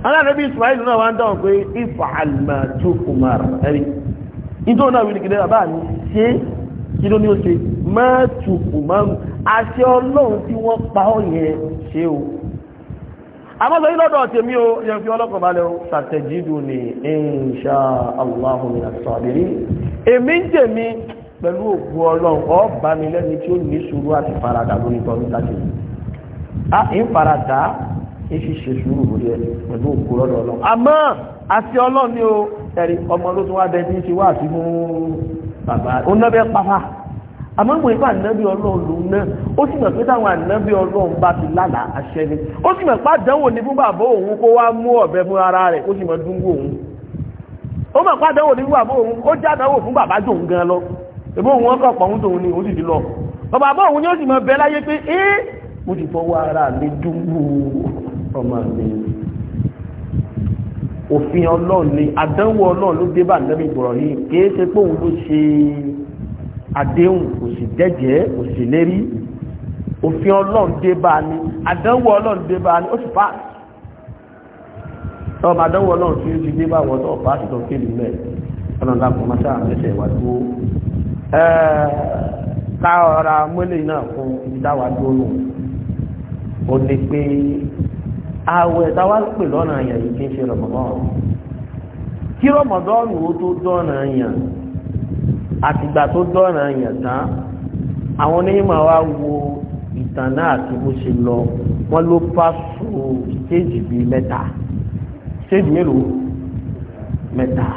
aláàrẹ́bí Ismail náà wá ń dáhùn pé ifa almatu umar ẹ̀rí ìjọ náà wílì kìdẹ́ bàbá mi ṣe kí ló ní ó ṣe matu umar àṣẹ ọlọ́run tí wọ́n pa ọ́ yẹn ṣe o àmọ́sọ yìí lọ́dọ̀ tèmi o yẹn fi ọlọ́kọ̀ balẹ̀ o sàtẹ̀jídù ní insha Allahu minas sabirin èmi ń tèmi pẹ̀lú òkú ọlọ́run ọ̀ bá mi lẹ́ni tí ó ní sùúrù àti faradà lórí tọ́lú láti a ń fara dá èsì ṣe sùúrù lórí ẹ pẹ̀lú òkú lọ́dọ̀ ọlọ́run àmọ́ àti ọlọ́run ni o ẹ̀rí ọmọ ló tún wá bẹ ní ṣe wá sí mú bàbá onábẹ́ pàpà àmọ́ ìwé bá ànábì ọlọ́run lòun náà ó sì mọ̀ pé táwọn ànábì ọlọ́run bá ti lálà àṣẹ ni ó sì mọ̀ pé àdánwò ni fún bàbá òun kó wá mú ọ̀bẹ fún ara rẹ̀ ó sì mọ̀ dúnwó òun ó mọ̀ pé àdánwò ni fún bàbá òun ó jẹ́ àdánwò fún bàbá jòun gan lọ ìbò òun ọkọ̀ pọ̀ òun tòun ni òun sì ti lọ bàbá òun ni ó sì mọ̀ bẹ́ láyé pé mo ti fọwọ́ ara mi dúró ọmọ mi òfin ọlọ́run ni àdánwò ọlọ́run ló dé bá nẹ́bí ìgbọ̀rọ̀ yìí kìí ṣe pé òun ló ṣe àdéhùn kò sì dẹ́jẹ́ kò sì lérí òfin ọlọ́run dé bá ní àdánwò ọlọ́run dé bá ní ó sì pass tọ́ọ̀bù àdánwò ọlọ́run tí ó ti dé bá wọ́n tó pass tó kéde mẹ́ ọ̀nà lápò máa ṣáà mẹ́sẹ̀ wá tó ká ọ̀ra mọ́lẹ̀ náà fún ibi táwa tó lò ó ní pé àwẹ̀ táwa pè lọ́nà àyàn yìí kì í ṣe rọ̀mọ̀dọ́n kí rọ̀mọ̀dọ́n wo tó dọ́nà àyàn àtìgbà tó dọ́nà àyàn tán àwọn onímọ̀ wa wo ìtàn náà àti bó ṣe lọ wọ́n ló pàṣọ stéèjì bíi mẹ́ta stéèjì mélòó mẹ́ta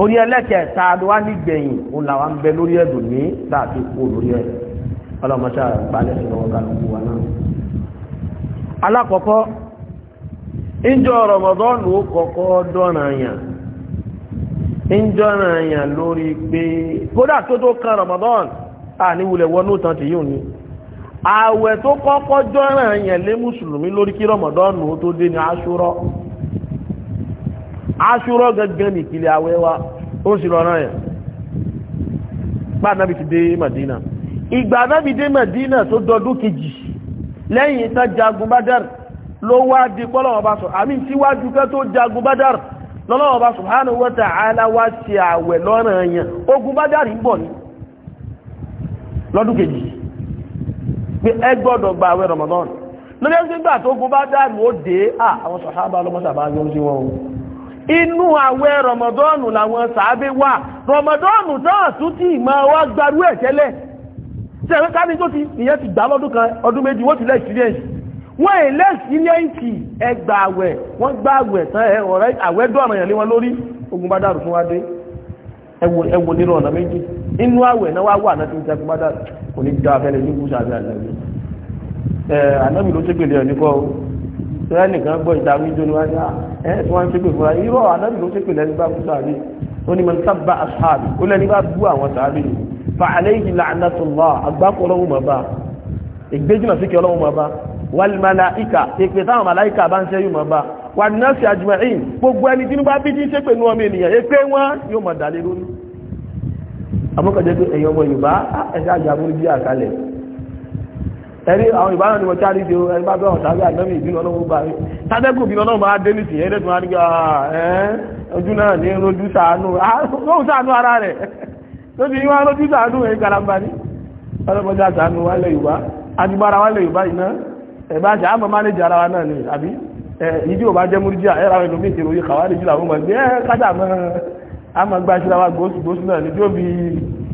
orí ẹlẹ́kẹ̀ẹ́ta ló wá nígbẹ̀yìn òun làwọn ń bẹ lórí ẹ̀dùn ní láti kú lórí ẹ̀ ọlọ́mọṣẹ́ àgbálẹ̀ ìlọ́wọ́ kálukú wa náà. alákọ̀ọ́kọ́ ìjọ rọmọdọ́nù ó lórí pé kódà tó tó kan wọnú tán ti yíò ní ààwẹ̀ tó kọ́kọ́ lé mùsùlùmí lórí kí ó tó dé ní aṣúrọ́ aṣúrọ́ gẹ́gẹ́ ní ìpìlẹ̀ àwẹ̀ wa ó sì lọ náà yẹn lẹ́yìn tán jagun bádàr ló wá di pọ́lọ́wọ́ bá sọ àmì síwájú kẹ́ tó jagun bádàr lọ́lọ́wọ́ bá subhanahu wa ta'ala wá ti àwẹ̀ lọ́nà yẹn ogun bádàr ń bọ̀ ní lọ́dún kejì pé ẹ gbọ́dọ̀ gba àwẹ̀ Ramadan lórí ẹgbẹ́ gbà tó ogun bádàr ó dé àwọn sàhábà ọlọ́mọsàbá yọ́n sí Ramadan làwọn sàábé Ramadan náà tún ti ìmọ̀ wá tí ẹ̀rọ ká ní tó ti ìyẹn ti gbà lọ́dún kan ọdún méjì wọ́n ti lẹ́ experience wọ́n è lẹ́ experience ẹgbà àwẹ̀ wọ́n gbà àwẹ̀ tán ẹ ọ̀rẹ́ àwẹ̀ dọ̀rọ̀ yẹn lé wọn lórí ogun bá dàrú fún wa dé ẹwọ nínú ọ̀nà méjì inú àwẹ̀ náà wá wà náà tí ń tẹ́kù bá dàrú kò ní dá afẹ́lẹ́ ní gúúsù àbí àlẹ́bí ẹ ànábì ló ṣépè lé ẹ̀ o sẹ́yìn nìkan gbọ́ ìta wíjọ ni wájú ẹ̀ tí wọ́n ṣépè fàálẹ́yìn làánàtúlá agbákọ̀ọ́lọ́wọ́ máa bá ìgbéjìnà síkì ọlọ́wọ́ máa bá wàlìmàlà ìkà èpè táwọn màláìkà bá ń ṣe yóò máa bá wà nọ́ọ̀sì àjùmọ̀ẹ́yìn gbogbo ẹni tí bá bí tí ṣe pè ní ọmọ ènìyàn èpè wọn yóò máa dàlé lórí àmọ́kànjẹ́ pé èèyàn ọmọ yorùbá ẹ̀ṣẹ́ àjàmúrí bí àkálẹ̀ ẹni àwọn yorùbá náà ni wọ́n chárí di ẹni bá bẹ́ẹ̀ ọ̀tàbí àgbẹ̀mí ìbínú ọlọ́run bá rí tádẹ́kù ìbínú ọlọ́run bá dé nìsín ẹ̀ẹ́dẹ́tún wá ní ojú náà ní ojú sàánú ara rẹ̀ lóbi yíwá lójú sàánú ẹ̀ galamba ní ọlọ́mọdé àtàánú wálẹ̀ Yorùbá adigbara wálẹ̀ Yorùbá iná ẹ̀bá jà ámọ́ mánéjì ara wa náà ni àbí ìdí ò bá jẹ́ múrí jíà ẹ̀rọ ẹ̀lú mi ìṣèrò yìí kàwárí jù làwọn ọmọdé ẹ̀ kájà mọ́ àmọ́ gbá síra wa gbóṣù gbóṣù náà ni jóbi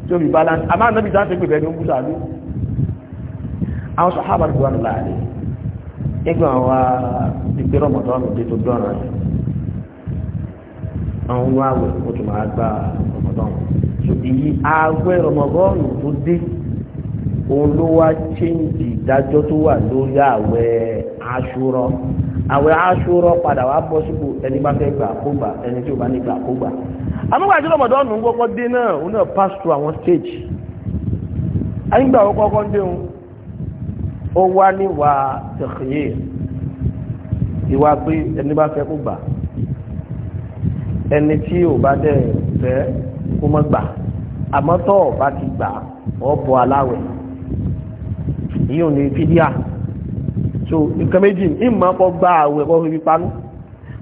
jóbi balance àmọ́ ànábì dá sí pèbẹ́ ní ó búṣà lú àwọn sàhábà tó wà ní láàrin nígbà wa ìgbé rọmọdọ́nù dé tó dọ́ràn àwọn wáwẹ̀ ó tún máa gba rọmọdọ́nù èyí ààwẹ̀ rọmọgọ́rùn tó dé òun ló wá chéǹjì ìdájọ́ tó wà lórí ààwẹ̀ aṣúrọ̀ ààwẹ̀ aṣúrọ̀ padà wá bọ́ sípò ẹni bá fẹ́ gbà kó gbà ẹni tí ò bá ní gbà kó gbà àmúgbà tí rọmọdọ́nù ń kọ́kọ́ dé náà òun náà pass through àwọn stage ayígbà ó kọ́kọ́ dé òun ó wá níwà tẹ̀kìyè ìwà pé ẹni bá fẹ́ kó gbà ẹni tí ò bá dẹ̀ fẹ́ kó má gbà àmọ́ tọ́ ọ bá ti gbà ọ bọ́ aláwẹ̀ èyí ò ní fídíà so nǹkan méjì ní ìmọ̀ kọ́ gbà àwẹ̀ kọ́ fi fi panú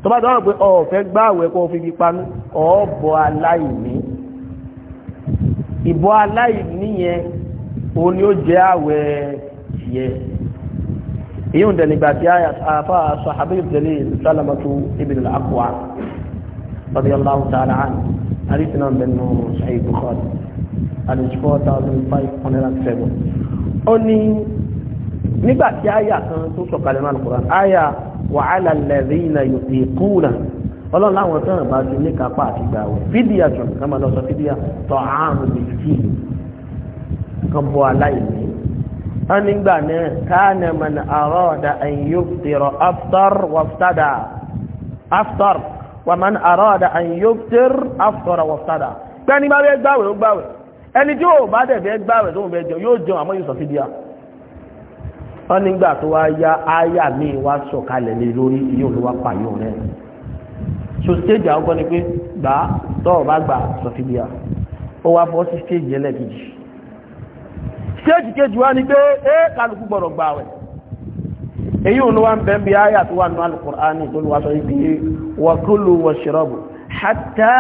tó bá dáhùn pé ọ̀fẹ́ gbà àwẹ̀ kọ́ fi fi panú ọ bọ́ aláìní ìbọ́ aláìní yẹn òun ni ó jẹ́ àwẹ̀ yẹ èyí ò dẹ̀nìgbà tí àfa sàhábẹ́ ìbùdẹ́lẹ̀ sálàmàtú ibn al-Aqwa radiyallahu ta'ala anhu hadith náà bẹ̀rẹ̀ nù Sahih Bukhari hadith four thousand five hundred and seven ó ní nígbà tí àyà kan tó sọ̀kalẹ̀ náà Al-Qur'an àyà wa 'ala alladhina yutiquna ọlọ́run láwọn tó rìn bá ti ní kápá àti ìgbà wọ̀ fídíà jù nǹkan máa lọ sọ fídíà tọ́ àrùn méjì kan bọ́ aláìní. wọ́n nígbà náà káàní man arada an yuftira aftar waftada aftar wà máa ń àrọ́ọ̀dà àyíyókítẹ́r àfọ̀rọ̀ wọ̀sádà pé ẹni bá fẹ́ gbàwẹ̀ ó gbàwẹ̀ ẹni tí yóò bá dẹ̀ fẹ́ gbàwẹ̀ tó ń fẹ́ jẹun yóò jẹun àmọ́ yóò sọ sí díà wọ́n nígbà tó wá yá áyà míì wá sọ̀kalẹ̀ lé lórí ìyóò ló pààyàn rẹ̀ so stage àkọ́kọ́ ni pé gbà tọ́ọ̀ bá gbà sọ sí díà ó wá bọ́ sí stage ẹlẹ́kejì stage kejì wá ni pé é kálukú gbọ́dọ̀ gbàwẹ̀ èyí òun wá ń bẹ́ bí ayà tó wà ní alùkùránì tó lùwà sọ ibi wàkúlù wàṣírọ́bù hátà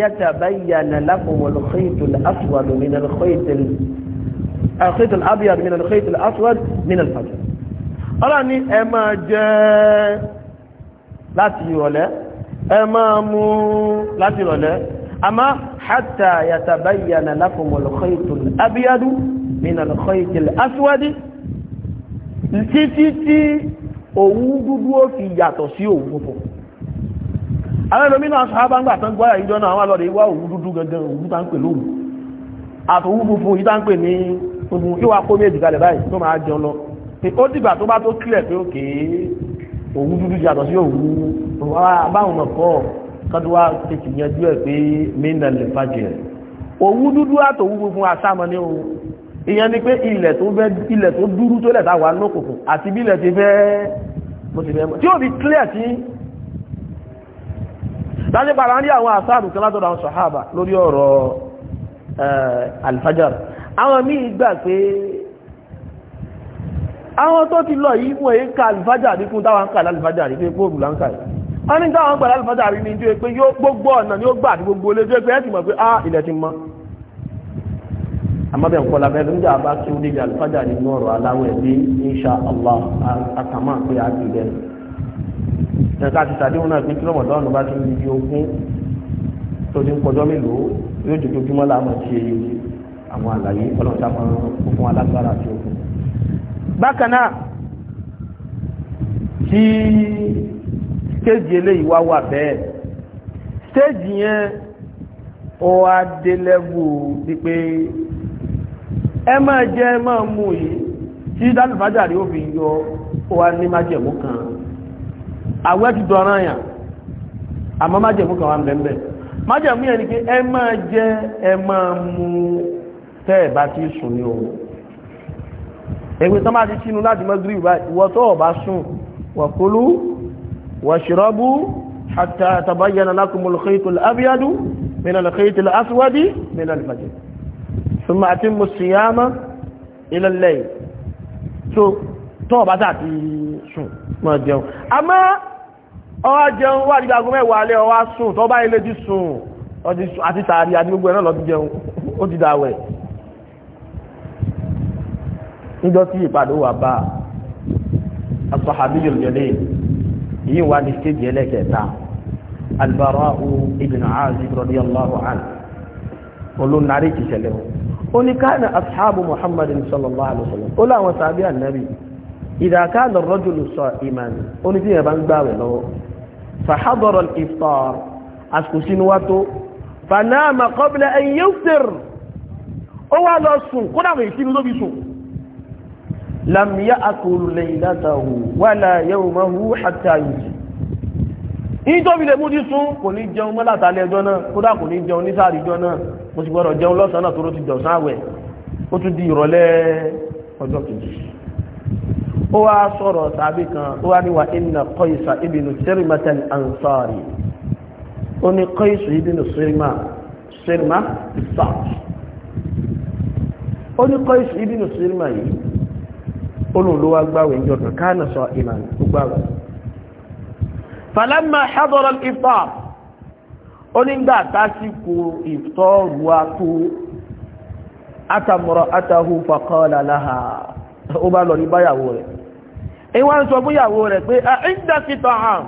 yatabayyana lakum al-khayt al-aswad min al-khayt al-khayt al-abyad min al-khayt al títí tí òun dúdú ó fi yàtọ̀ sí òun púpọ̀ àwọn ẹlòmínà aṣọ́hábá ń gbà tán gbọ́yà ìjọ náà àwọn alọ́dẹ̀ wá òun dúdú gangan òun tá ń pè lóòrùn àtòun funfun yìí tá ń pè ní funfun yíwa kó méjì kalẹ̀ báyìí tó máa jẹun lọ ó dìgbà tó bá tó kílẹ̀ pé òkè òun dúdú yàtọ̀ sí òun báwọn mọ̀kọ́ ìyẹn ni pé ilẹ̀ tó fẹ́ ilẹ̀ tó dúró tó lẹ̀ táwà lókùnkùn àti bí ilẹ̀ ti fẹ́ mo ti fẹ́ mọ́ tí ó fi clear sí dájú padà ní àwọn àsáàdù kan látọ̀dọ̀ àwọn sàhábà lórí ọ̀rọ̀ alfajar àwọn míì gbà pé àwọn tó ti lọ yìí wọ́n èé ka alfajar ní kún táwọn kà lálfajar ní pé kóòrù láńkà yìí wọ́n ní táwọn gbà lálfajar ní pé yóò gbogbo ọ̀nà àmọ́bẹ̀ nǹkan labẹ́ ló ń jà bá kí ó débi àlùfájà nínú ọ̀rọ̀ aláwọ̀ ẹ̀bí insha allah àtàmà pé a ti bẹ̀rẹ̀ ẹ̀ka àti sàdéhùn náà pé kí lọ́mọdọ́nù bá ti ń di ogún tó ti ń kọjọ́ mélòó yóò jojoojúmọ́ láàmú ṣe àwọn àlàyé ọlọ́ọ̀ta máa ń fún alágbára àti ogún. bákan náà tí stéèjì eléyìí wá wà bẹ́ẹ̀ stéèjì yẹn ó wá dé lẹ́bù wípé ẹ máa jẹ ẹ máa mú yìí tí dálùfájà rí ó fi yọ wa ní májẹ̀mú kan àwẹ̀ ti dọ̀ràn yàn àmọ́ májẹ̀mú kan wà ń bẹ̀m̀bẹ̀ májẹ̀mú yẹn ni pé ẹ máa jẹ ẹ máa mú tẹ́ ẹ̀ bá ti sùn ní òun ẹgbẹ́ tán bá ti sínú láti mọ́gírí ìwọ tó ọ̀bá sùn wọ̀kúlú wọ̀ṣìrọ́bù hatta tabayyana lakumul khaytul abyadu minal khaytil aswadi minal fajr thumma atimmu siyama ila al-layl so tó bá sáà ti sùn mọ́ jẹun àmọ́ ọwá jẹun wà nígbà agún mẹ́wàá alẹ́ ọwá sùn tó bá ilé ti sùn àti sàárì àti gbogbo ẹ̀nà lọ́dún jẹun ó ti dàwẹ̀ níjọ́ tí ìpàdé wà bá as-sahabiyul jaleel yìí wà ní stéjì ẹlẹ́kẹta al-Bara'u ibn Azib radiyallahu anhu olóńdarí ti ṣẹlẹ̀ wọn oníkàánà ashabu muhammadin sallallahu alaihi wasallam ó láwọn sàbí ànábì ìdàkánà rọ́jùlù sọ ìmàní oníṣẹ́ ìbá ń gbààwẹ̀ lọ́wọ́ fàhádọ́rọ̀ ìftar àsìkò sínú wá tó fanáàmà qabla an yuftir ó wá lọ sùn kódà mọ̀ ìsinmi ló fi sùn lam ya'kul laylatahu wala yawmahu hatta yuftir nítorí lè mú ti sún kò ní jẹun mọ́ látàlẹ́ ẹjọ́ náà kódà kò ní jẹun ní sáàrí ẹjọ́ náà mo sì gbọ́dọ̀ jẹun lọ́sàn-án náà tó ló ti jọ̀sán àwẹ̀ ó tún di ìrọ̀lẹ́ ọjọ́ kejì ó wá sọ̀rọ̀ tàbí kan ó wá ní wa inna Qaisa ibn Sirmata al-Ansari ó ní Qaisu ibn Sirma Sirma ìsáàtì ó ní Qaisu ibn Sirma yìí ó lò ló wá gbáwẹ̀ ìjọ falamma hadara al-iftar onígbà tásìkò ìfọ́rù wa tó atamọ̀rọ̀ atahu faqala laha ó bá lọ ní báyàwó rẹ̀ èyí wá ń sọ fún ìyàwó rẹ̀ pé àìdàkítà àm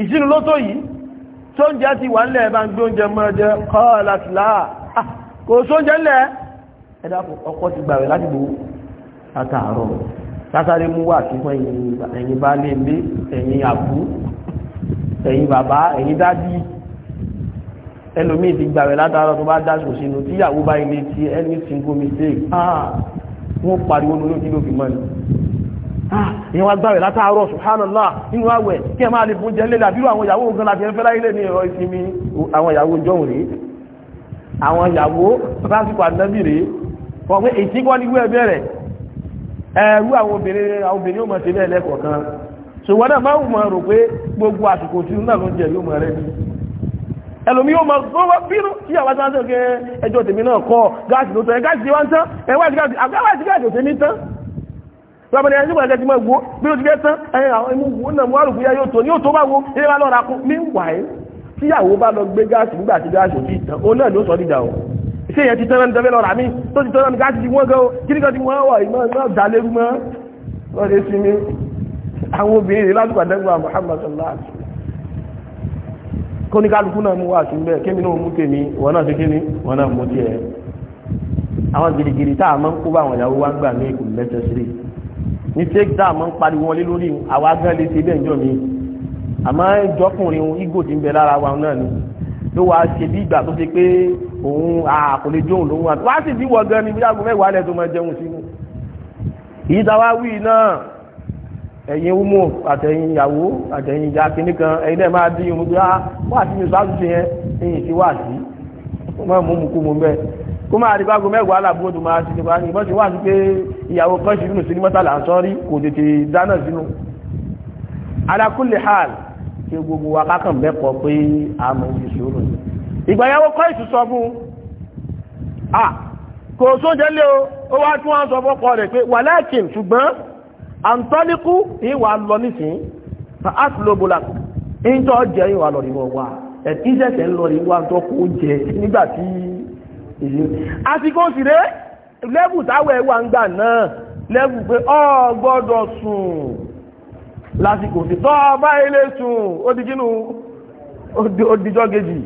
ìṣínú ló tó yìí tó ń jẹ́ ti wà nílẹ̀ bá ń gbé oúnjẹ mọ́ jẹ́ qalat la ah, kò sóúnjẹ ńlẹ̀ ẹ̀dá ọkọ ti gbàwẹ̀ láti gbò látàárọ̀ látàrí mú ẹ̀yin bàbá ẹ̀yin dádì ẹlòmíì ti gbàwẹ̀ látàárọ̀ tó bá dáṣò sínú tíyàwó bá ilé tí any single mistake ah wọ́n pariwo lórí kí ló fi mọ́ ni ah ìyẹn wá gbàwẹ̀ látàárọ̀ subhanallah nínú àwẹ̀ kí ẹ máa lè fún jẹ́lé làbírò àwọn ìyàwó gan láti ẹfẹ́ láyé lè ní ẹ̀rọ ìsinmi àwọn ìyàwó jọ̀hún rèé àwọn ìyàwó lásìkò ànábì rèé wọ́n pé èsì kọ́ ní wẹ́ẹ̀ bẹ̀rẹ̀ ẹ̀rú àwọn obìnrin obìnrin ó mọ̀ sí bẹ́ẹ̀ lẹ́kọ̀ọ̀kan ṣùgbọ́n náà máa ń mọ̀ rò pé gbogbo àsìkò tí náà ló ń yóò mọ̀ rẹ ni ẹlòmí yóò máa gbọ́ wá bínú tí àwọn tí wọ́n tẹ́ ẹjọ́ tèmi náà kọ́ gáàsì tó tán gáàsì tí wọ́n tán ẹwà tí gáàsì àgbà tí gáàsì tèmi tán lọ́pọ̀ ní ẹni nígbà ẹgbẹ́ tí wọ́n gbó bí ó ti gẹ́ tán ẹ̀yìn àwọn imú wo náà wọ́n rògbé yóò tó ní tó bá wo ilé wa lọ́ra kún meanwhile tíyàwó bá lọ gbé gáàsì nígbà tí gáàsì ò tí tán ó náà ló sọ dídà o ṣé ìyẹn ti tán náà ní tẹ́fẹ́ lọ́ra mi tó ti tán náà ní gáàsì ti wọ́n gan o kí ni kan ti wọ́n wọ̀ àwọn obìnrin láti pàdẹ́gbà Muhammad sallallahu alaihi wasallam kó ní kálukú náà mú wà sí bẹ́ẹ̀ kí mínú mú tèmi wọ́n náà sí kí ní wọ́n náà mú tí ẹ̀ àwọn gìrìgìrì tá a máa ń kó bá àwọn ìyàwó wá gbà ní ìkùn mẹ́tẹ̀ sí ní tẹ́kì tá a máa ń pariwo wọn lé lórí àwa gán lè ṣe mi àmọ́ ìjọkùnrin igbó ti ń bẹ lára wa náà ni ló wá ṣe bí ìgbà tó ṣe pé òun àkòlè jóun lòun àti wá sì bí wọ gan ni bí aago mẹ́wàá lẹ́ tó máa jẹun sínú ìyí tá wí náà ẹ̀yin wúmọ̀ àtẹ̀yin ìyàwó àtẹ̀yin ìyá kìíní kan ẹ̀yin náà máa bí irun bí ah, wá sí mi sáà ṣe yẹn ẹ̀yin ti wá sí kó máa mú mu kú mu bẹ́ẹ̀ kó máa dìbò aago mẹ́wàá làbúrò tó máa ṣiṣẹ́ wáyé ìbọn ṣe wá sí pé ìyàwó kan ṣe nínú sí ní mọ́tàlá kò tètè dáná sínú. ala kulli hal ṣe gbogbo wa kákan mẹ́kọ̀ọ́ pé a mọ̀ ní ìṣòro yìí. ìgbà yàwó kọ́ ìṣùsọ fún un ah, kò sóúnjẹ lé o ó wá tún wá sọ fọ́kọ rẹ̀ pé wàláàkì ṣùgbọ́n àǹtọ́líkú ìwà lọ nísìn fa áṣìlóbólà ìjọ jẹ ìwà lọ ríwọ wà ẹ̀tíṣẹ̀ṣẹ̀ ń lọ ríwà tó kó jẹ nígbàtí ìlú àsìkò òsìré lẹ́bù táwọ̀ ẹ̀wà ń gbà náà lẹ́bù pé ọ gbọ́dọ̀ sùn lásìkò sí tọ́ bá ilé sùn ó di kínú ó dijọ́ kejì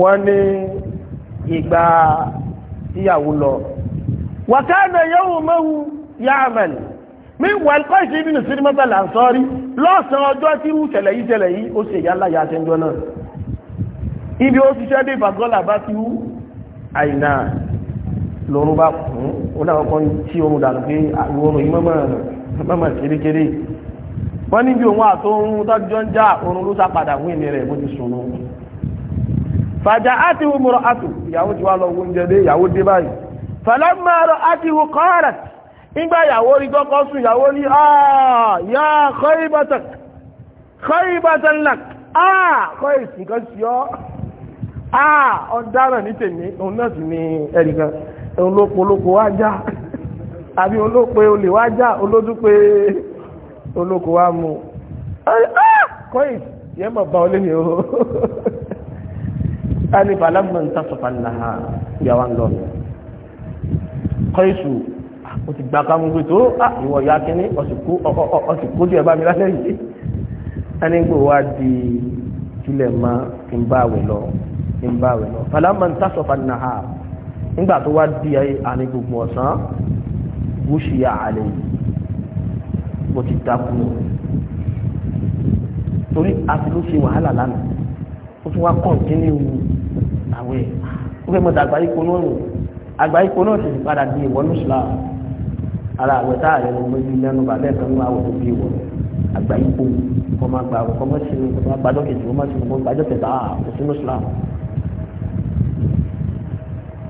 wọ́n ní ìgbà ìyàwó lọ wàkánà yẹ́wò mẹ́wù ya'mal meanwhile kọ́ìsì ibi nù sírí mọ́tàlá àǹsọ́rí lọ́sàn ọjọ́ tí irú ìṣẹ̀lẹ̀ yìí ṣẹlẹ̀ yìí ó náà ibi ó ṣiṣẹ́ dé ìfàgọ́là bá ti wú àìnà lọ́run bá kún ó náà tí oorun dànù pé àwọn oorun yìí mọ́mọ́ nígbà ìyàwó rí tọ́kọ́ sùn ìyàwó ní ààyà kọ́ìbátẹ́lẹ̀k àà kọ́ èsì kan sí ọ́ àà ah, ọ̀daràn ní tèmi òun náà sì ní ẹnìkan olóko olóko wá já àbí olópe olè wá já olódúpé olóko wá mú ah, kọ́ èsì yẹn mọ̀ bá olè ní o a ní balamọ̀ ń tasọ̀fà ńlá ìyàwó ń kọ́ èsì ó ti gbà kámú pé tó ah, ìwọ̀ ya kíní ọ̀sìnkú jù ẹ̀bá mi lálẹ́ yìí ẹni gbò wá di tilẹ̀ ma ń bá àwẹ̀ lọ ń bá àwẹ̀ lọ fàlámà ń tásọ̀fà nàá nígbà tó wá di àní gbogbo ọ̀sán gúúsìyà àlẹ́ yìí mo ti dákú torí a ti ló ṣe wàhálà lánàá ó tún wá kọ̀ǹtínú àwẹ̀ ó fẹ́ mọ̀ dàgbà ipò náà àgbà ipò padà di ìwọ́nú islam ara àwẹ̀ tá àrẹ ló gbé bíi lẹ́nu bàbá ẹ̀fẹ̀ ńlá àwọ̀ tó bí wọ̀ àgbà ipò kọ́ máa gba àwọ̀ kọ́ máa sinmi kọ́ máa gbàdọ́ kejì kọ́ máa sinmi kọ́ gbàdọ́ kẹta ah, kò sínú Islam.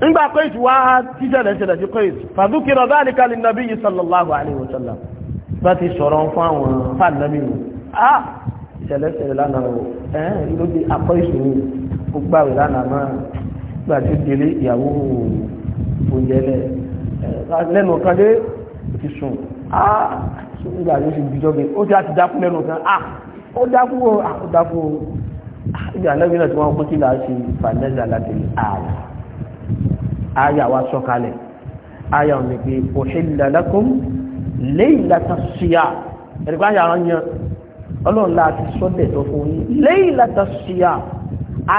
nígbà pé ìtura tíṣẹ̀lẹ̀ ṣẹlẹ̀ sí pé fàdúkìrọ̀ bá àlìkà lè nàbí yìí sallallahu alayhi wa sallam bá ti sọ̀rọ̀ fún àwọn fàdúnàbí nù. Ah, a ìṣẹ̀lẹ̀ ṣẹlẹ̀ lánàá o ẹ̀ ló di akọ́ ìṣòro gbogbo àwẹ̀ lánàá náà gbà tí délé ìyàwó oúnjẹ lẹ̀ lẹ́nu kan dé ti sùn ah nígbà yóò ṣe bíjọ́ gẹ̀ ó ti láti dákú lẹ́nu kan ah ó dákú o ah ó dákú o ah, ìgbà náà bínú tí wọ́n kó sí là á ṣe fanẹ́sà láti rí ààyè ààyè àwa sọ̀kalẹ̀ ààyè àwọn ìpè òṣèlú lakum laylata siyam ẹ̀rìkọ́ ààyè àwọn yan ọlọ́run láti sọ́dẹ̀ tó fún yín laylata siyam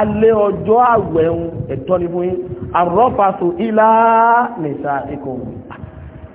alẹ́ ọjọ́ àwẹ̀ ẹ̀tọ́ ni fún yín arrafatu ila nisaikum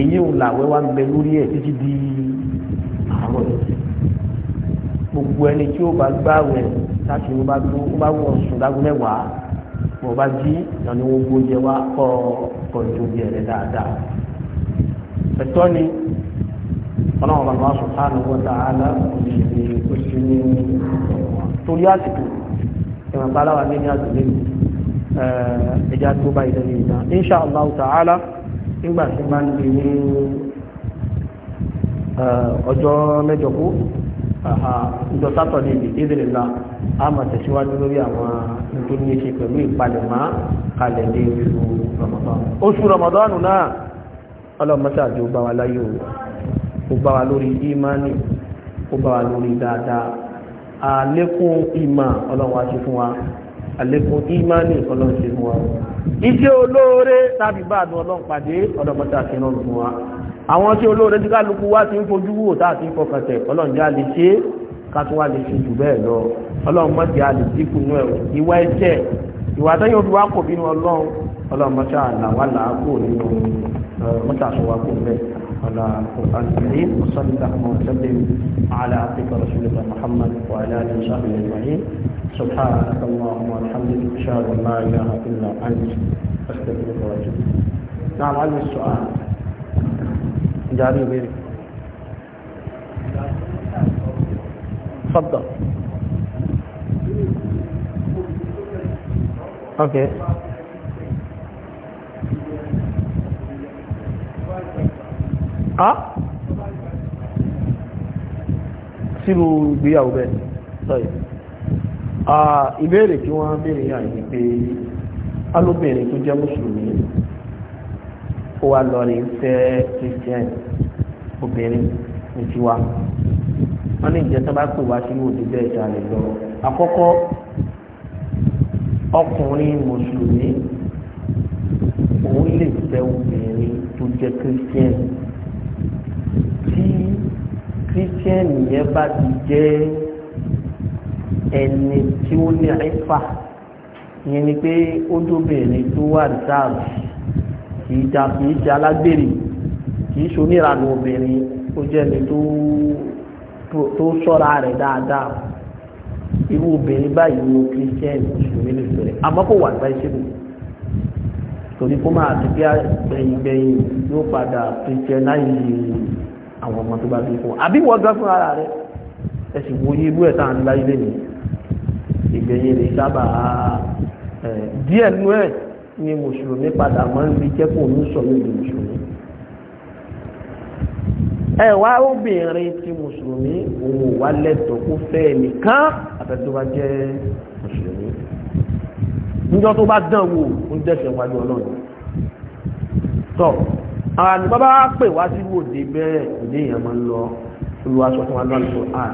èyí ò làwẹ́ wa ń bẹ lórí ẹ̀ títí di àárọ̀ gbogbo ẹni tí ó bá gbààwẹ̀ láti ó bá tó ó bá wọ̀ sùn lágùn mẹ́wàá bọ̀ bá jí ìyànní wọn gbóúnjẹ wa kọ́ kọ́ ìjọba ẹ̀rẹ́ dáadáa ẹ̀tọ́ ni ọlọ́run bàbá subhanahu wa ta'ala òṣèlè òṣèlè torí àsìkò ìwọ̀nba aláwa ní ní àdúgbò ẹ̀ẹ́dẹ́gbẹ́ tó bá ìdẹ́lẹ́ ìdá insha Allah ta'ala. nígbà tí bá ń di ní eh, ọjọ́ mẹ́jọ kú ìjọ sátọ̀dé ìdí ìdílé a máa tẹ̀síwájú lórí àwọn tó ní ṣe pẹ̀lú ìpalẹ̀mọ́ kalẹ̀ dé oṣù Ramadan náà àti ó bá wa láyé o ó bá wa lórí ìmánì ó bá wa lórí dáadáa àlékún ìmánì ọlọ́run ṣe mú wa iṣẹ́ olóore tàbí báàdù ọlọ́run pàdé ọlọ́mọdé àfihàn fún wa àwọn tí olóore tí kálukú wá ti ń fojú wò tá àti fọkàn tẹ̀ ọlọ́run jẹ́ àlè ṣe kátó wá lè ṣe jù bẹ́ẹ̀ lọ ọlọ́run mọ̀ jẹ́ àlè dínkù nú ẹ̀ ìwà ẹ̀ṣẹ̀ ìwà tẹ́yìn olúwa kò bínú ọlọ́run ọlọ́run mọ̀ ṣáà làwà làákò nínú mọ́tàṣọwà kò bẹ́ẹ̀ على القرآن الكريم وصلى اللهم وسلم على عبدك ورسولك محمد وعلى آله وصحبه أجمعين سبحانك اللهم وبحمدك أشهد أن لا إله إلا أنت أستغفرك وأتوب نعم عندي السؤال جاري غيرك تفضل اوكي á sírú ìgbéyàwó bẹ́ẹ̀ sọ́yẹ̀ ìbéèrè tí wọ́n béèrè yà ní pé alóbìnrin tó jẹ́ mùsùlùmí ó wá lọ rí fẹ́ christian obìnrin ní tiwa wọ́n ní ìjẹ́ sábà pè wá sí òde bẹ́ẹ̀ ta lè lọ àkọ́kọ́ ọkùnrin mùsùlùmí òun lè fẹ́ obìnrin tó jẹ́ christian kírísítíẹ̀nì yẹn bá ti jẹ́ ẹni tí ó ní ẹ̀fà ìyẹn ni pé ó dóbìnrin tó wà dáàbò kì í da kì í ṣe alágbèrè kì í ṣe oníranú obìnrin ó jẹ́ ẹni tó ṣọ́ra rẹ̀ dáadáa irú obìnrin báyìí ló kírísítíẹ̀nì mùsùlùmí lè àmọ́ kò wà gbá ìṣègùn torí kó máa ti bí gbẹ̀yìn gbẹ̀yìn yóò padà kírísítíẹ̀nì láì yìí àwọn ọmọ tó bá bí fún àbí wọ́n gán fún ara rẹ̀ ẹ̀sì wo yí ibú ẹ̀ta ń láyé lẹ́nu ìgbẹ̀yìn rẹ̀ sábà díẹ̀ nú ẹ̀ ni mùsùlùmí padà máa ń rí jẹ́kùn ní sọ̀rọ̀ ìlú mùsùlùmí ẹ wá obìnrin ti mùsùlùmí òun ò wá lẹ́tọ̀ọ́ kó fẹ́ nìkan àtẹ̀tọ́ bá jẹ́ mùsùlùmí níjọ́ tó bá dán ń dẹ̀sẹ̀ wájú ọlọ́run àwọn àti bàbá wa pè wá sí wòde bẹ́ẹ̀ òde èèyàn máa ń lọ olùwà sọ fún wa lọ́nà tó à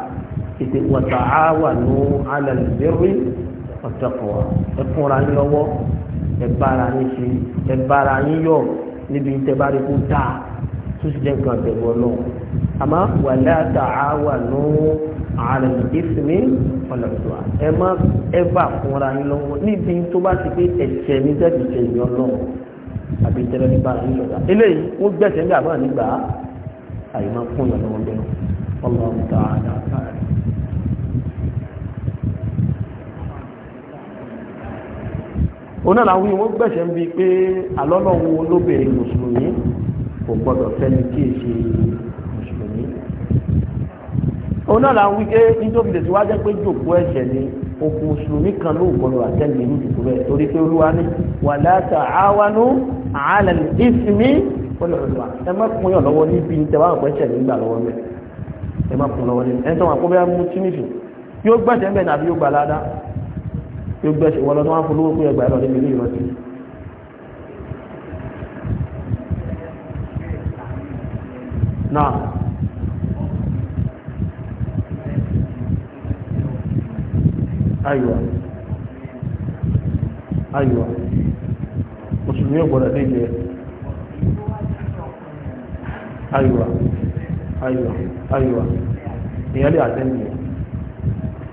ètè wọ̀tà á wà ní alẹ́ lẹ́rí ọ̀tẹ̀kọ̀ ẹkúnra ní ọwọ́ ẹ̀bára ní ṣe ẹ̀bára ní yọ̀ níbi ìtẹ̀bá rẹ̀ kó dáa tó sì jẹ́ nǹkan àtẹ̀wọ̀ náà àmọ́ wàlẹ́ àtà á ní ààrẹ ìsinmi ẹ má ẹ bá fúnra yín lọ́wọ́ níbi tó bá ti pé ẹ̀jẹ̀ àbí ìtẹ́lẹ̀ nípa àti ìlọ̀dà eléyìí wọ́n gbẹ̀sẹ̀ ń gbàgbọ́ nígbà àyè máa fún ìyàwó wọn bẹ́ẹ̀ ọlọ́run ta àdá òun náà làwọn ìwọ́n gbẹ̀sẹ̀ ń bi pé alọ́lọ́wọ́ lóbìnrin mùsùlùmí kò gbọ́dọ̀ fẹ́ni kí èsì òun náà là ń wí pé nítorí lè tiwájú pé jòkó ẹ̀ṣẹ̀ ni okùn mùsùlùmí kan ló gbọdọ̀ àtẹ́lẹ̀ ìlú jòkó rẹ̀ torí pé olúwa ní wàlá ta'awanu 'ala al-ithmi wal-'udwan ẹ má kún yàn lọ́wọ́ níbi tẹ̀wá àpò ẹ̀ṣẹ̀ nígbà lọ́wọ́ rẹ̀ ẹ má kún lọ́wọ́ rẹ̀ ẹ̀ sọ wọn kó bẹ́ẹ̀ mú tínífì yóò gbẹ̀sẹ̀ ńbẹ̀ nàbí yóò gbà ládá yóò gbẹ̀sẹ̀ wọ́n lọ tó wọn fọlọ́wọ́ pé ẹgbà ẹ̀rọ níbi ilé ìrọ̀tì náà aywa aywa mùsùlùmí ò gbọ́dọ̀ déjẹ aywa aywa aywa èèyàn lè àtẹ́lẹ̀ yẹn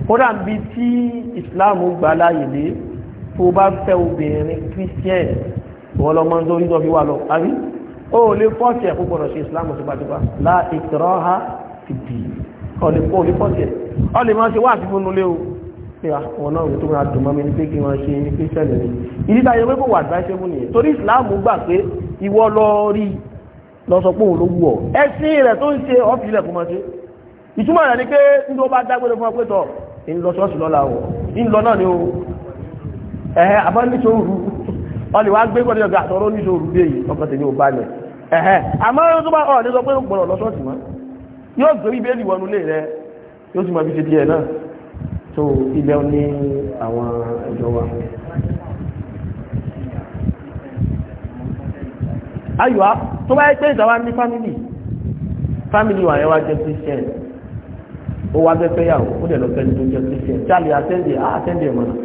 kódà bí tí ìsìláàmù gbà láàyè dé tó bá fẹ́ obìnrin christian wọ́n lọ́mọ tó ń tọ́ fi wà lọ àbí ó lè fọ́ọ̀tì ẹ̀kú gbọ́dọ̀ ṣe ìsìláàmù tipátipá la ìkìrọ́ ha fìdí ọ̀lẹ́kọ́ ọ̀lẹ́fọ́ọ̀tì ẹ̀ ọ̀lẹ́ máa ṣe wá àfihàn nulẹ̀ o pé ah, àwọn náà tó máa dùn mọ́ mi ní pé kí wọ́n ṣe ní kírísítẹ́nì ni ìdí táyọ pé kò wà advisable nìyẹn torí ìsìláàmù gbà pé lọ rí ọ tó ń ṣe ọ́fìlẹ̀ kò mọ̀ ìtumọ̀ rẹ̀ ni pé ní tó bá dágbére fún ọ ń lọ ṣọ́ọ̀ṣì o ń lọ náà ni o ẹ̀hẹ́ àbọ̀ níṣòro wọ́n lè wá gbé ọ̀gá àtọ́rọ́ so ibẹ̀ ní àwọn ẹ̀jọ́ wa ayọ̀ tó bá yẹ pé ìtawà ní fámìlì fámìlì wà yẹn wá jẹ́ christian ó wá fẹ́ fẹ́yàwó ó dẹ̀ lọ fẹ́ ní tó jẹ́ christian charlie àtẹ́ndì àtẹ́ndì ẹ̀mọ́ náà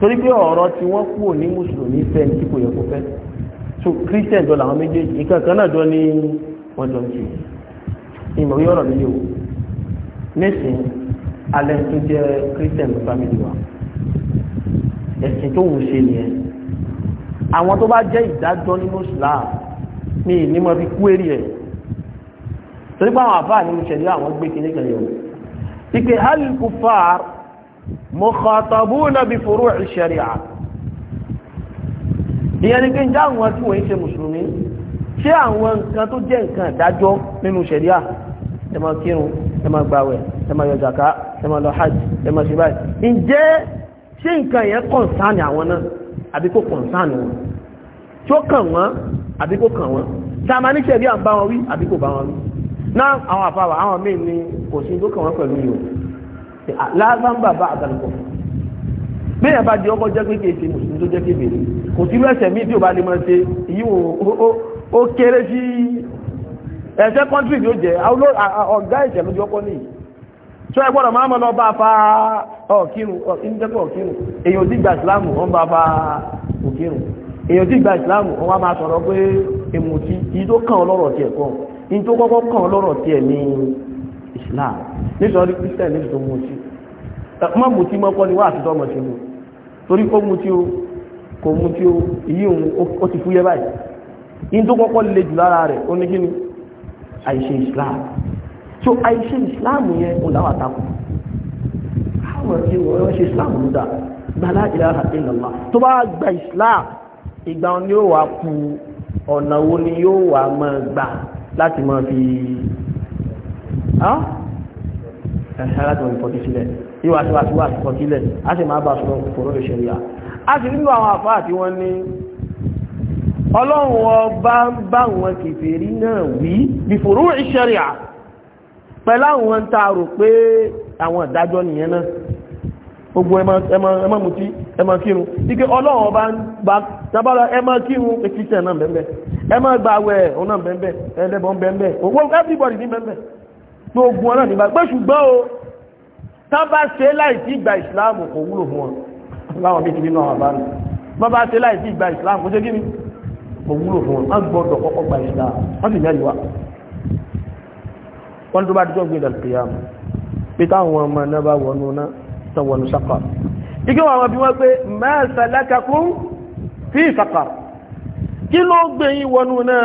torí pé ọ̀rọ̀ tí wọ́n kúrò ní mùsùlùmí fẹ́ tí kò yẹ kó fẹ́ so christian jọ làwọn méjèèjì nǹkan kan náà jọ ní wọ́n jọ ń ṣe ìmọ̀ yọ̀rọ̀ mi yòó nísìnyí alẹ́ tó jẹ́ christian family wa ẹ̀sìn tó wù ṣe nìyẹn àwọn tó bá jẹ́ ìdájọ́ nínú islam ní ìnímọ̀ fi kú èrè ẹ̀ torí pé àwọn àfáà nínú ìṣẹ̀lẹ̀ àwọn gbé kíní kan yẹn o ike halil kufar mukhatabuna bi furu' sharia ìyẹn ni pé ń já àwọn tí wọ́n ń ṣe mùsùlùmí ṣé àwọn nǹkan tó jẹ́ nǹkan ìdájọ́ nínú ìṣẹ̀lẹ̀ ẹ̀ máa kírun ẹ máa gbàwẹ̀ ẹ máa yọ zaka ẹ máa lọ hajj ẹ máa ṣe báyìí ǹjẹ́ ṣé nǹkan yẹn kọ̀ǹsáàni àwọn náà àbí kò kọ̀ǹsáàni wọn tí ó kàn wọ́n àbí kò kàn wọ́n dàmà ní ṣẹ̀bí à ń bá wọn wí àbí kò bá wọn wí náà àwọn àfàwà àwọn míì ni kò sí tó kàn wọ́n pẹ̀lú yìí o láàbàǹbà bá àgbàlùkọ̀ bẹ́ẹ̀ bá di ọkọ̀ jẹ́ pé kì í ṣe mùsùlùmí tó jẹ́ kébèrè kò sí lẹ́sẹ̀ míì tí ò bá lè máa ṣe ìyí ó kéré sí ẹ̀ṣẹ́ kọ́ntírì ni ó jẹ́ ọ̀gá ẹ̀ṣẹ̀ ló jọ́kọ́ ní ṣọ́ ẹ gbọ́dọ̀ máa mọ́ lọ bá fa ọ̀kírun ìjẹ́kọ̀ ọ̀kírun èyàn tí gba ìsìláàmù wọ́n bá fa òkírun èyàn tí gba ìsìláàmù wọ́n wá máa sọ̀rọ̀ pé èmùtí yìí tó kàn lọ́rọ̀ tiẹ̀ kọ́ in tó kọ́kọ́ kàn lọ́rọ̀ tiẹ̀ ní ìsìláàmù nítorí kristian ní ìtò mutí mọ́ mutí mọ́kọ́ ni wá àtijọ́ mọ̀ sí mu torí ó mutí o kò mutí o ìyí òun ó ti fúyẹ́ báyìí in tó kọ́kọ́ le jù lára rẹ̀ ó àìṣe islam so àìṣe islam yẹn kò láwà takò àwọn tí wọ́n ṣe islam ló dà gbàlá ilaha illallah tó bá gba islam ìgbà wọn ni ó wà kú ọ̀nà wo ni yóò wà máa gbà láti máa fi ẹ̀ṣẹ́ láti wọ́n ìfọ́tí sílẹ̀ yíwa síwáṣíwá ìfọ́tí sílẹ̀ a sì máa bá sọ fòrò ìṣẹ̀lẹ̀ a sì nínú àwọn àfáà tí wọ́n ní ọlọ́run ọba ń bá wọn kèfèrí náà wí bí fòrò ìṣẹ́rìà pẹ̀lú àwọn ń ta rò pé àwọn ìdájọ́ nìyẹn náà gbogbo ẹmọ mutí ẹmọ kírun ike ọlọ́run ọba gba tábàlá ẹmọ kírun ekíṣẹ́ náà bẹ́ẹ̀ ẹmọ gbàwẹ̀ òun náà bẹ́ẹ̀ ẹlẹ́bọn bẹ́ẹ̀ owó everybody ní bẹ́ẹ̀ gbogbo ọ̀nà nígbà pé ṣùgbọ́n o tán bá ṣe láìsí ìgbà ìsìláàmù kò wúlò fún wọn láwọn bí kìí nínú àwọn àbárí bá bá ṣe láìsí ìgbà ìsìláàmù kò ṣe kí ni òwúrò fún wọn agbọ́dọ̀ kọ́kọ́ gba ìṣẹ̀dá wọ́n sì mẹ́rin wá wọ́n tó bá díjọ́ gbé ìdàlùkì yá mọ́ pé táwọn ọmọ náà bá wọnú náà tán wọnú sákà ike wọn àwọn bí wọ́n pé máa salakakum fi saqar kí ló gbé yín wọnú náà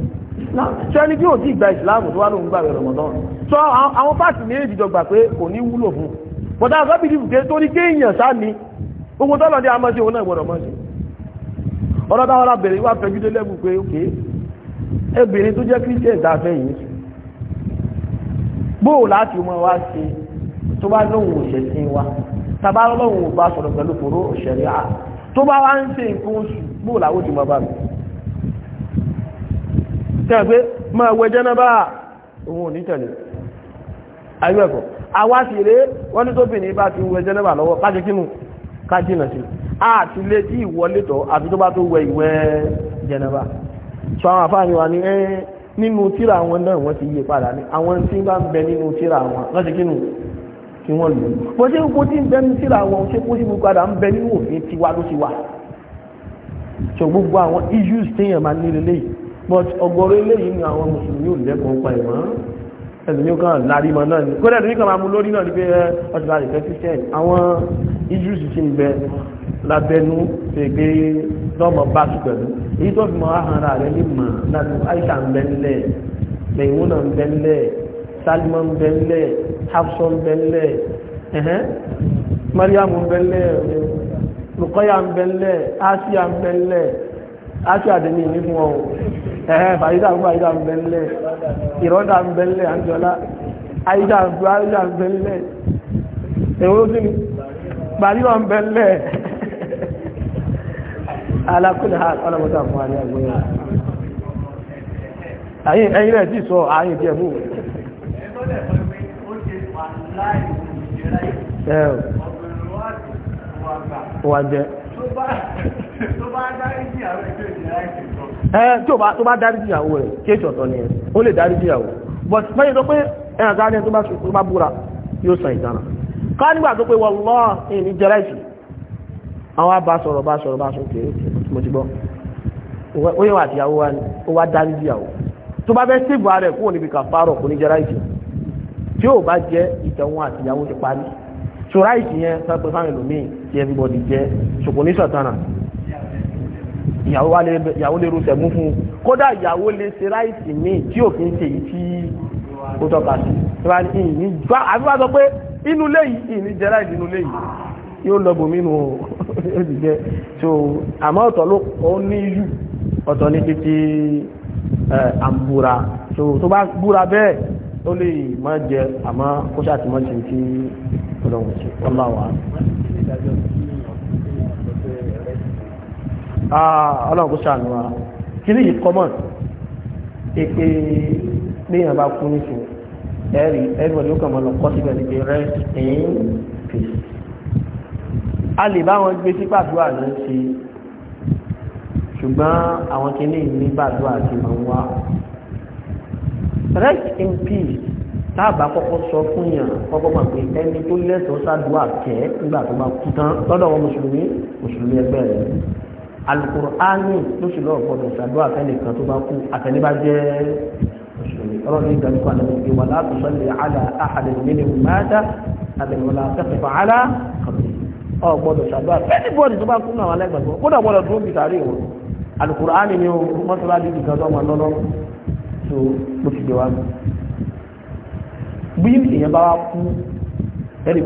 ṣẹ́ni bí ò tí gba ìsìláàmù tó wá lóun gbà rẹ̀ Ramadan sọ àwọn pàtì méjì dọ̀gbà pé kò ní wúlò fún bọ̀dá àgbàbìdì fùké tó ní kéèyàn sá ní ogun tọ́lọ̀ ní amọ́sí òun náà gbọ́dọ̀ mọ́sí ọ̀rọ̀ táwọn arábìnrin wá fẹjú dé lẹ́bù pé òkè ẹbìnrin tó jẹ́ Christian dáfẹ́ yìí bóò láti mọ́ wá sí tó bá lóhun òṣèṣin wa tàbá lọ́hun ò bá sọ̀rọ̀ pẹ̀lú fòró òṣèré à tó bá wá ń ṣe nǹkan oṣù bóò láwọ́ ti mọ́ bá mi tẹ́wọ̀n pé máa wẹ jẹ́nàbà òun ò ní tẹ̀lé àìgbẹ̀kọ̀ àwa sì rèé wọ́n ní tóbìnrin bá ti wẹ jẹ́nàbà lọ́wọ́ ká ṣe kínú ká jìnà sí àti lé tí ìwọlé tọ́ àti tó bá tó wẹ ìwẹ̀ jẹ́nàbà sọ àwọn àfáàní wa ní ẹ́ nínú tíra àwọn náà wọ́n ti yí padà ní àwọn tí bá ń bẹ nínú tíra àwọn lọ́sí kínú kí wọ́n lò bó ṣe kó tí ń bẹ nínú tíra àwọn ṣe kó sí gbogbo padà ń bẹ nínú òfin tiwa ló ti wà ṣò gbogbo àwọn issues téèyàn máa ní lélẹ́yìí but ọ̀gọ̀rọ̀ eléyìí ni àwọn mùsùlùmí ò lẹ́kọ̀ọ́ pa ìmọ̀ ẹ̀sùn yóò kàn lárí mọ́ náà ni kódà ní kàmá mú lórí náà ni pé ọ̀sùn àti ìfẹ́ christian àwọn issues ti ń bẹ lábẹ́nú pèpè lọ́mọ bá tù pẹ̀lú èyí tó fi mọ ahọ́nra rẹ̀ ní mọ̀ láti aisha ń bẹ nílẹ̀ lẹ́yìnwó náà ń bẹ nílẹ̀ salima ń bẹ nílẹ̀ hafsọ ń bẹ nílẹ̀ mariam ń bẹ nílẹ̀ lukọ́yà ń bẹ nílẹ̀ asia ń bẹ nílẹ̀ aṣọ àdèmí n'i fún ọ o ẹ̀hẹ́ fàyídà ń fàyídà ń bẹ nílẹ̀ ìrọ́dà ń bẹ nílẹ̀ àjọlá àyídà ń bẹ àyídà ń bẹ nílẹ̀ èwo sí ni gbàdúrà ń bẹ alákùnrin ha ọlọ́mọdé ẹ̀yìn rẹ̀ sọ díẹ̀ mú wà tó bá dárí ìyàwó rẹ̀ kéèkì ọ̀tọ̀ ni ẹ̀ ó lè dárí ìyàwó but mẹ́yìn tó pé ẹ̀ràn gáà ní ẹ̀ tó bá búra yóò sàn ìdára ká nígbà tó pé wọ́lọ́ ìní jẹ́rẹ́ ìsì àwọn bá sọ̀rọ̀ bá sọ̀rọ̀ bá sọ kéré mo ti gbọ́ ó yẹ wà àti ìyàwó wa ni ó wá dárí ìyàwó tó bá fẹ́ sèbù ara ẹ̀ kúrò níbi kàfárọ̀ kò ní jẹ́rẹ́ ìsì tí ó bá jẹ́ ìtẹ̀wọ̀n àti ìyàwó ti parí ṣòráìsì yẹn sápẹ́ fáwọn ẹlòmíì tí everybody jẹ́ ṣòkò ní sọ̀tánà ìyàwó lè rusẹ̀ mú fún un kódà ìyàwó lè ṣe ráìsì míì tí òfin ṣe yìí tí ó tọ́ka sí àbíwá sọ pé inú léyìí ìní jẹ́ ráìsì inú léyìí yóò lọ́gbọ̀n mínú òdìjẹ́ so àmọ́ ọ̀tọ̀ ló ó ní yù ọ̀tọ̀ ní títí àbúra so tó bá búra bẹ́ẹ̀ ó lè má jẹ àmọ́ kó ṣàtìmọ́ sí ti ọlọ́run sí ọlọ́run Ah, ọlọ́run kó ṣàánú wa kí ni yìí kọ́mọ̀ pé léèyàn bá kú nísìn ẹ̀rí ẹ̀rí wọn ló kàn mọ́ lọ kọ́ síbẹ̀ níbi rest in peace a lè bá wọn gbé sí gbàdúrà ló ń ṣe ṣùgbọ́n àwọn kìíní ní gbàdúrà ti máa ń wá rest in peace táàbà kọ́kọ́ sọ fún yàn kọ́kọ́ máa pé ẹni tó lẹ́tọ̀ọ́ sádùá kẹ́ nígbà tó bá kú tán lọ́dọ̀ wọn mùsùlùmí mùsùlùmí ẹgbẹ́ rẹ̀ alukur'ani lóṣù lọ́wọ́ gbọ́dọ̀ ṣàdúrà fẹ́lẹ̀ kan tó bá kú àtẹnibá jẹ́ mùsùlùmí ọlọ́run ní ìdánilkọ́ àdánù pé wà láti sọ́lẹ̀ àlà àhàlẹ̀ nínú mẹ́ta àbẹ̀wọ̀lá tẹ́fẹ̀fẹ̀ àlà kàbí ọ gbọ́dọ̀ ṣàdúrà fẹ́lẹ̀ bọ́ọ̀dì tó bá kú náà alágbàgbọ́ kódà gbọ́dọ̀ tó ń bi sàárè wọn alukur'ani ni mọ́sálásí ti kan tọ́mọ bí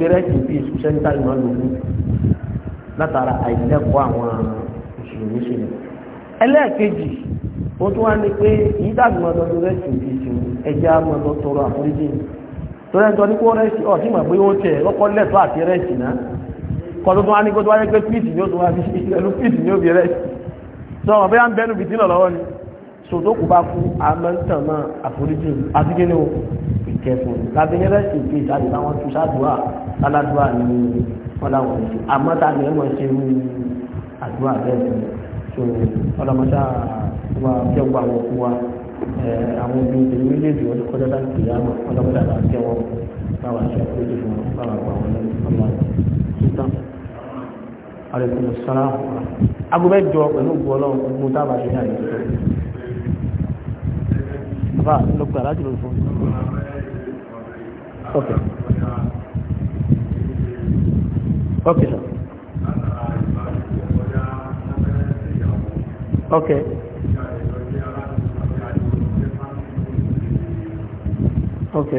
èèyàn mùsùlùmí ṣe lọ ẹlẹ́ẹ̀kejì ó tún wá ní pé yìí dàbí mọ́ lọ́dún rẹ́sì ti ṣe ẹja mọ́ lọ tọrọ àforíjì torí ní kó rẹ́sì ọ̀ mọ̀ pé ó tẹ̀ ọkọ̀ lẹ́tọ́ àti rẹ́sì náà kọ́ tó tún wá ní kó tó wá ní pé píìtì ni ó tún wá fi ṣe ẹnu píìtì ni ó fi rẹ́sì sọ wọn bẹ́ẹ̀ ń bẹ́nu bìtì lọ lọ́wọ́ ni sòtó kò bá kú amẹ́ntàn náà àforíjì àti kí ni ó ìkẹfùn lábẹ́ ní rẹ́sì ti ìjáde láwọn tún sáàdùà aládùà àdúrà bẹ́ẹ̀ tó so ọlọmọdé wa jẹ́ gba àwọn òkú wa àwọn ojú ìlú méjèèjì wọn ti kọjá láti ìyá wọn ọlọmọdé àbá jẹ́ wọn báwa ṣe àkójọ fún wọn báwa gba àwọn ọlọmọ títàn àlẹkùn sara agbẹ́jọ pẹ̀lú òkú ọlọ́run gbogbo táwa ṣe ní àyè tó bàbá ló pè aláàjì lórí fóònù ok ok sir. ok ok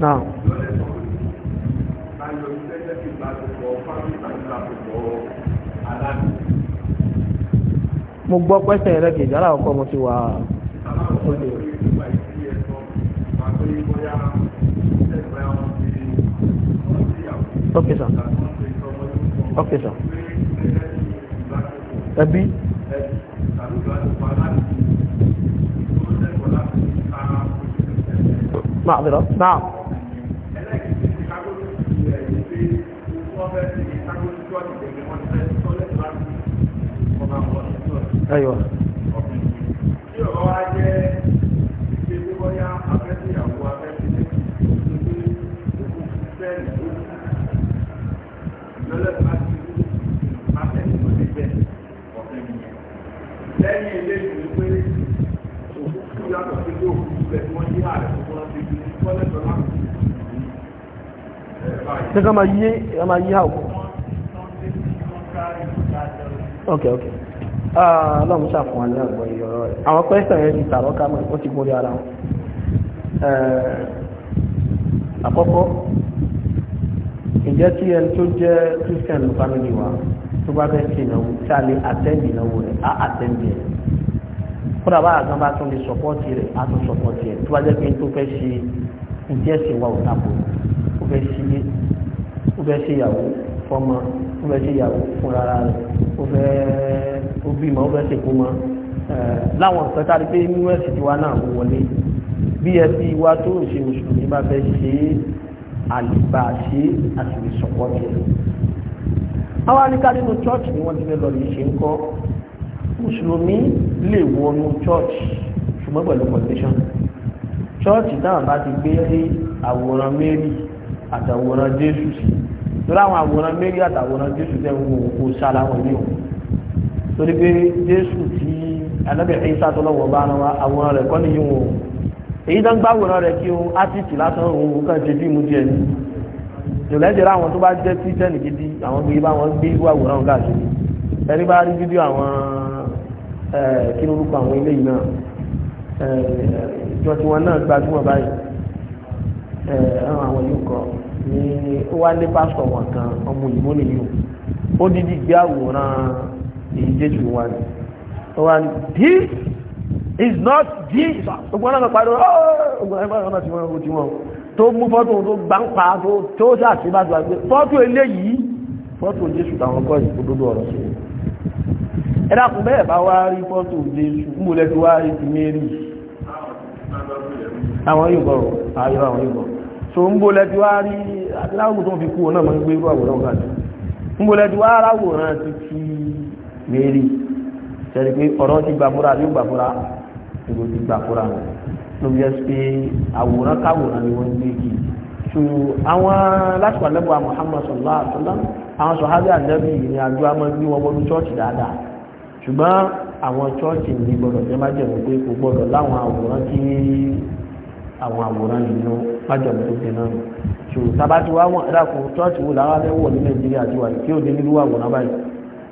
náà. mo gbọ́ pẹ́sẹ̀ rẹ̀ kìí jára ọkọ̀ mo ti wà á. Okay, sir. Okay, sir. Ẹbí. Máa bẹ̀rọ̀. Náà. Ayiwa. ṣe ká máa yí ká máa yí àwọ̀ ok ok ah, ọlọ́run ṣàfún wa ní àgbọ̀ ìyọ̀rọ̀ rẹ̀ àwọn pẹ́sẹ̀ rẹ̀ ti tààrọ́ ká mọ̀ ó ti borí ara wọn eh, àkọ́kọ́ ìjẹ́ tí ẹni tó jẹ́ Christian family wa tó bá fẹ́ ṣe ìnáwó tí a lè attend ìnáwó rẹ̀ á attend ẹ̀ kódà bá àgbọn bá tún lè support rẹ̀ á tún support ẹ̀ tó bá jẹ́ pé tó fẹ́ ṣe ìjẹ́sìn wa ò tàbí fẹ́ sílé ó fẹ́ ṣe ìyàwó fọ́mọ ó fẹ́ ṣe ìyàwó fún ara rẹ̀ ó fẹ́ ó bímọ ó fẹ́ ṣèkó mọ láwọn nǹkan tá a rí pé nínú ẹ̀sìn tiwa náà ń wọlé bí ẹbí wa tó ń ṣe mùsùlùmí bá fẹ́ ṣe é ṣe àṣìlè sọ̀pọ̀ jẹ́ àwọn àríká nínú church ni wọ́n ti fẹ́ lọ lè ṣe ń kọ́ mùsùlùmí lè wọnú church ṣùgbọ́n pẹ̀lú condition church dáhùn bá ti gbé àwòrán Mary àtàwòrán jésù sí torí àwọn àwòrán méjì àtàwòrán jésù tẹ̀ ń wo kó sára wọn ní òun torí pé jésù tí anábẹ̀ ẹ̀yíṣà tó lọ́wọ́ bá wa àwòrán rẹ̀ kọ́ nìyí wọn èyí tó ń gbá àwòrán rẹ̀ kí o átìtì lásán òun kàn ṣe bí díẹ̀ ni ìrẹ́jẹ̀ àwọn tó bá jẹ́ kírísítẹ́nì gidi àwọn gbé bá wọn gbé irú àwòrán wọn káàkiri ẹni bá rí fídíò àwọn kí ló lùkọ àwọn ilé yìí náà ìjọ tiwọn náà gbajúmọ̀ báyìí àwọn yóò kọ́ ní ó wá lé pásítọ̀ wọn kan ọmọ òyìnbó nìyí ó dídí gbé àwòrán èyí jésù wa wá ní this is not Jesus ogun náà pàdé ogun oh, náà ti wọ́n ti wọ́n tó mú fọ́tò tó gbáǹpa tó sàṣíbàdùn àgbẹ̀ fọ́tò eléyìí fọ́tò jésù táwọn kọ́ ìkódódó ọ̀rọ̀ sí ẹ̀dàkùn bẹ́ẹ̀ bá wá rí fọ́tò jésù múlẹ̀ tí wá rí ti mẹ́rin àwọn yóò bọ̀rọ̀ ayọ́ àwọn yóò bọ̀rọ̀ so ń bólẹ̀ tí wá rí aláwọ̀ tó ń fi kú náà máa ń gbé irú àwòrán ọ̀gá sí ń bólẹ̀ tí wá ráwòrán ti fi mẹ́rin sẹ́ni pé ọ̀rọ̀ ti gbà fúra àbí gbà fúra ìgò ti gbà fúra ló fi jẹ́ pé àwòrán káwòrán ni wọ́n ń gbé kì í so àwọn lásìkò àlẹ́bùwà Muhammad sallallahu alaihi wasallam àwọn sọ̀hábí àlẹ́bì ní àjọ àmọ́ gbé wọn wọlú chọ́ọ̀chì dáadáa ṣùgbọ́n àwọn chọ́ọ̀chì ní gbọ́dọ̀ jẹ́ má jẹ̀mú pé kò gbọ́dọ̀ láwọn àwòrán tí àwọn àwòrán ìlú májọ̀mú tó dènà rẹ̀ ṣùgbọ́n tábà tí wàá wọ̀n ẹ̀dá kan tọ́ọ̀tì wò lára fẹ́ wọ̀ ní nàìjíríà tí wà tí ó dé nílùú àwòrán báyìí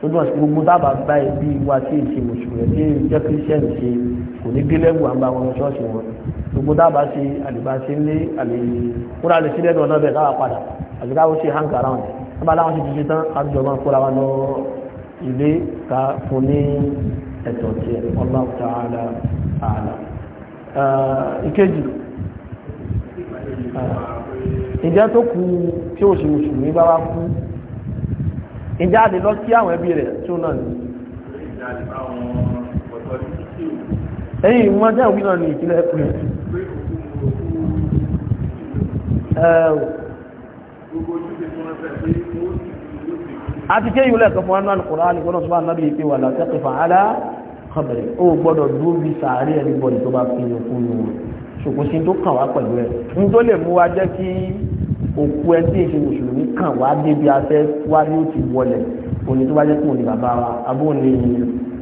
tó dùn sí gbogbo dábàá bá ẹbí wa tí èsì mùsùlùmí tí jẹ́ kírísítẹ́nì ṣe kò ní délẹ́gùn àgbà wọn lọ ṣọ́ọ̀ṣì wọn gbogbo dábàá ṣe àlùbá ṣe ń lé àlè kúrò àlè sílẹ̀ lọ́nà bẹ̀ káwà padà àti káwọ́ ṣe hang around nígbà láwọn ṣe ti tán àjọ máa kóra wa lọ ilé ká fún ní ẹ̀tọ́ tiẹ̀ Allahu ta'ala àlà ìkejì ìjẹ́ tó kú tí ó ṣe mùsùlùmí bá wá kú ìjẹ́ àdè lọ sí àwọn ẹbí rẹ̀ tó náà ni. ẹ̀yìn ìwọ́n jẹ́ òbí náà ní ìpínlẹ̀ pé. àti kéyìn ilé ẹ̀kọ́ fún wọn náà kùrán ní kọ́nà ṣùgbọ́n náà bí wà látẹ́kẹ̀fà alá kọ̀bẹ̀rẹ̀ ó gbọ́dọ̀ dúró bí sàárẹ̀ ẹni ṣùgbọ́n sí tó kàn wá pẹ̀lú ẹ̀ ní tó lè mú wa jẹ́ kí òkú ẹ tí èsì mùsùlùmí kàn wá débi afẹ́ wá ní ó ti wọlé òní tó bá jẹ́ kóun ní bàbá wa abóun ní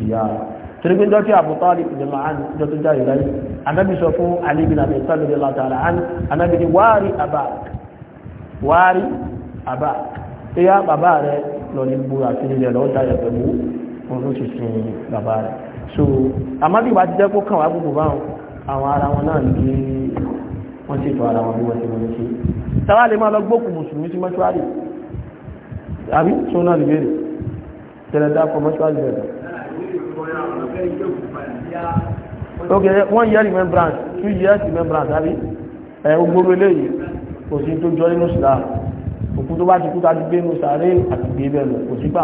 ìyá wa torí dọ́tí Abu Talib ìpìlẹ̀ máa jáde láyé anábì sọ fún Ali bin Abi Talib radiyallahu ta'ala anhu anábì ní wárí àbá wárí àbá ìyá bàbá rẹ lọ ní búra sí ilẹ̀ lọ́wọ́ jáde pẹ̀lú òun ló bàbá rẹ so àmọ́ bí wàá jẹ́ kó kàn wá gbogbo báwọn àwọn ara wọn náà ní wọ́n ṣètò ara wọn bí wọ́n ṣe wọ́n ṣe tàwa lè máa lọ gbókù mùsùlùmí sí mọ́ṣúárì àbí tó náà lè bèèrè tẹ̀lẹ̀ dákọ̀ mọ́ṣúárì bẹ̀rẹ̀ ok one year remembrance two years remembrance àbí ẹ̀ ogboro eléyìí kò sí tó jọ nínú sílá òkú tó bá ti kú tàbí gbé nínú sàárè àti gbé bẹ̀rẹ̀ kò sí pé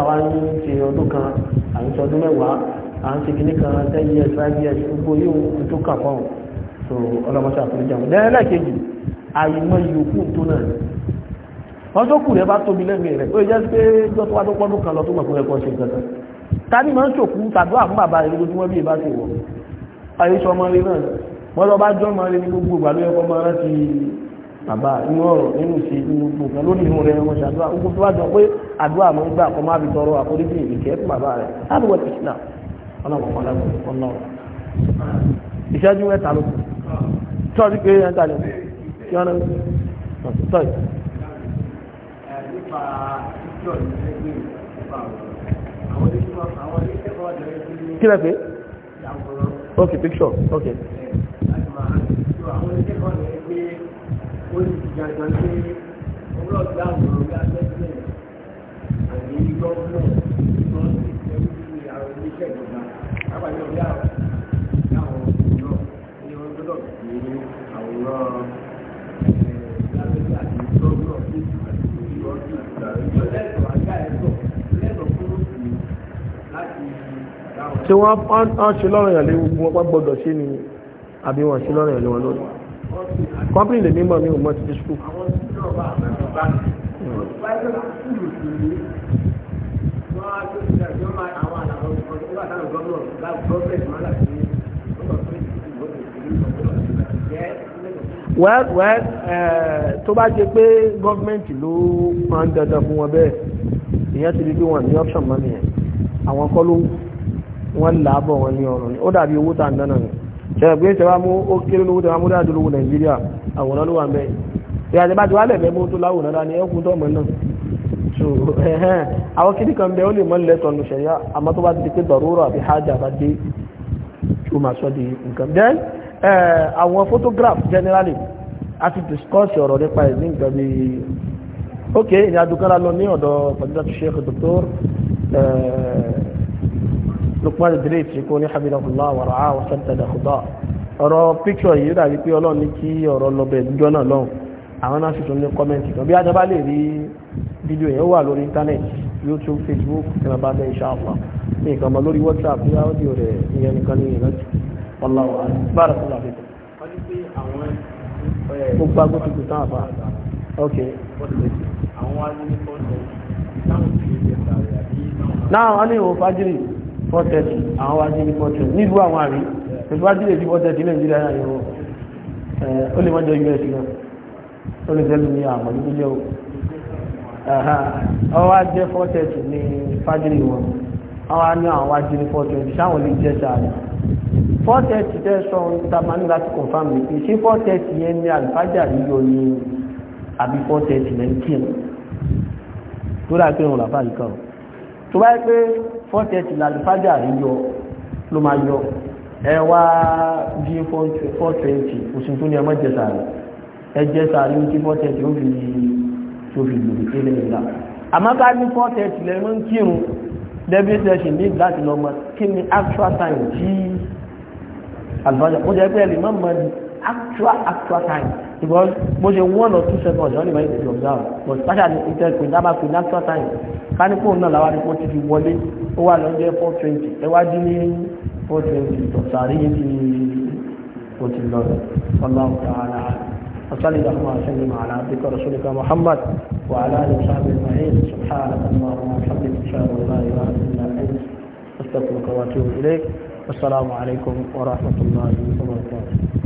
ṣe ọdún kan àyíṣọdún mẹ́wàá a ń sìnkì nìkan ten years five years gbogbo yóò tó kà fún un so ọlọmọṣẹ àforíjà wọn lẹ́yìn lẹ́ẹ̀kejì àyìnbó yòókù tó náà wọn tó kù rẹ bá tóbi lẹ́mìí rẹ ó yẹ pé gbọ́tọ́ wá tó pọ́dún kan lọ tó mọ̀ fún ẹ̀kọ́ ṣe nǹkan kan ta ni máa ń ṣòkú tàbí àwọn bàbá rẹ lójoojúmọ́ bí ìbá ti wọ̀ ayé sọ ọmọ rẹ náà wọ́n lọ bá jọ́ ọmọ rẹ ní gbogbo ìgbà ló yẹ kọ́ máa rántí bàbá inú ọ̀rọ̀ nínú ṣe inú gbogbo lónìí inú rẹ̀ wọ́n ṣàdúrà gbogbo tó bá jọ pé àdúrà mọ́ ń gbà kọ́ máa fi tọrọ àforíjì ọlọ́run ìṣẹ́jú mẹ́ta ló tọ́jú pé ẹ̀ńtà lè kí wọ́n náà tọ́jú. kí lẹ́pẹ́ ok picture ok. àwọn oníṣẹ́ kọ́ ọ̀dọ́ ó ti jàjọ ní ọlọ́ọ̀dọ́ àwòrán bí pàdé ọ̀dẹ́ àwọn àwọn òṣèlú ní wọn gbọ́dọ̀ ní àwòrán lábẹ́sẹ̀ àti gbọ́dọ̀ sí àti ìgbọ́dọ̀ sí lẹ́tọ̀ọ́ àti àìsọ̀ lẹ́tọ̀ọ́ fún òṣèlú láti tí wọ́n á ṣe lọ́rọ̀ yàn lé gbogbo ọpá gbọ́dọ̀ sí ni àbí wọ́n ṣe lọ́rọ̀ yàn lé wọn lórí kọ́mpìnì lè mímọ̀ mi ò mọ́ ti dé skul. àwọn tí wọ́n bá àmọ́ bá well well eh, tó bá jẹ pé gọ́ọ̀mẹ̀ntì ló pọn dandan fún wọn bẹ́ẹ̀ ìyẹn ti di pé wọn ní option mọ́ nìyẹn àwọn kọ́ ló wọ́n làábọ̀ wọn ní ọ̀rọ̀ ni ó dàbí owó tà ń dáná ni ṣẹlẹ̀ pé ṣẹlẹ̀ mú ó kéré lówó tẹ̀wá mú dáadọ́ lówó nàìjíríà àwòrán ló wà ń bẹ́ ṣe àti bá ti wá lẹ̀fẹ́ mú tó láwòrán dáa ni ẹkùn tọ́mọ náà so ẹ̀hẹ́n àwọn kìdí kan bẹ ó lè mọ́ lẹ́tọ̀ ní ṣẹ̀yà àmọ́ tó bá ti di pé dọ̀rọ̀ àbí hájà bá dé ṣùgbọ́n àṣọ di nǹkan bẹ́ẹ̀ àwọn photograph generally a ti discuss ọ̀rọ̀ nípa ẹ̀ ní nǹkan bí ok ìrìn àjò kan lọ ní ọ̀dọ̀ pàdúrà tó ṣe Dr. Lukman Idris kò ní hamidahullah wa ra'a wa santada khuda ọ̀rọ̀ picture yìí dàbí pé ọlọ́run ní kí ọ̀rọ̀ lọ́bẹ̀ níjọ́ náà lọ́hùn àwọn náà sì tún ní kọ́mẹ́ǹtì kan bí a dábàá lè rí fídíò yẹn wà lórí internet, YouTube Facebook ìrànbá bẹ́ẹ̀ insha Allah ní ìkànnì lórí WhatsApp bí áwọ́dì rẹ̀ ìyẹn nìkan ní ìrántí ọlọ́wọ́ bára sọ́lá fi kọ́ gbogbo agbófinró tán àbá ok. náà wọ́n ní ìwò fájírì four thirty àwọn wájú ní four thirty nílùú àwọn àrí ìlú wájú lè fi four thirty nàìjíríà náà yóò ó lè mọ́jọ us náà ó lè tẹ́lú ní àwọn ìdílé o ọ wá jẹ́ four thirty ní fájírì wọn àwọn á ní àwọn wájú ní sáwọn lè jẹ́ sáà four thirty tẹ́ sọ ta máa ní láti confam mi pé ṣé four thirty yẹn ní àlùfájà yíyọ ní àbí four thirty nineteen tó dáa pé òun làbá yìí kàn tó bá yẹ pé four thirty làlùfájà yíyọ ló máa yọ ẹ wá bí four twenty oṣù tó ní ẹ má jẹ sàárè ẹ jẹ sàárè ní four thirty ó fi tó fi lòdì sílẹ̀ ìlà àmọ́ ká ní four thirty lẹ́nu ń debit session ní láti lọ mọ kí ni actual time tí àlùfáàjà ó jẹ́ pé ẹ̀lì máa mọ ní actual actual time because bó ṣe one or two seconds ọ̀nà ìmọ̀ ìdèjì observe but special ní intel pin dábàá pin actual time kánípò náà làwọn àdìpọ̀ ti fi wọlé ó wà lọ́jọ́ four twenty ẹ wá dín ní four twenty tọ̀sàrí yìí ti ó ti lọ ọlọ́run tààrà. وصلي اللهم وسلم على عبدك ورسولك محمد وعلى اله وصحبه اجمعين سبحانك اللهم وبحمدك اشهد ان لا اله الا انت استغفرك واتوب اليك والسلام عليكم ورحمه الله وبركاته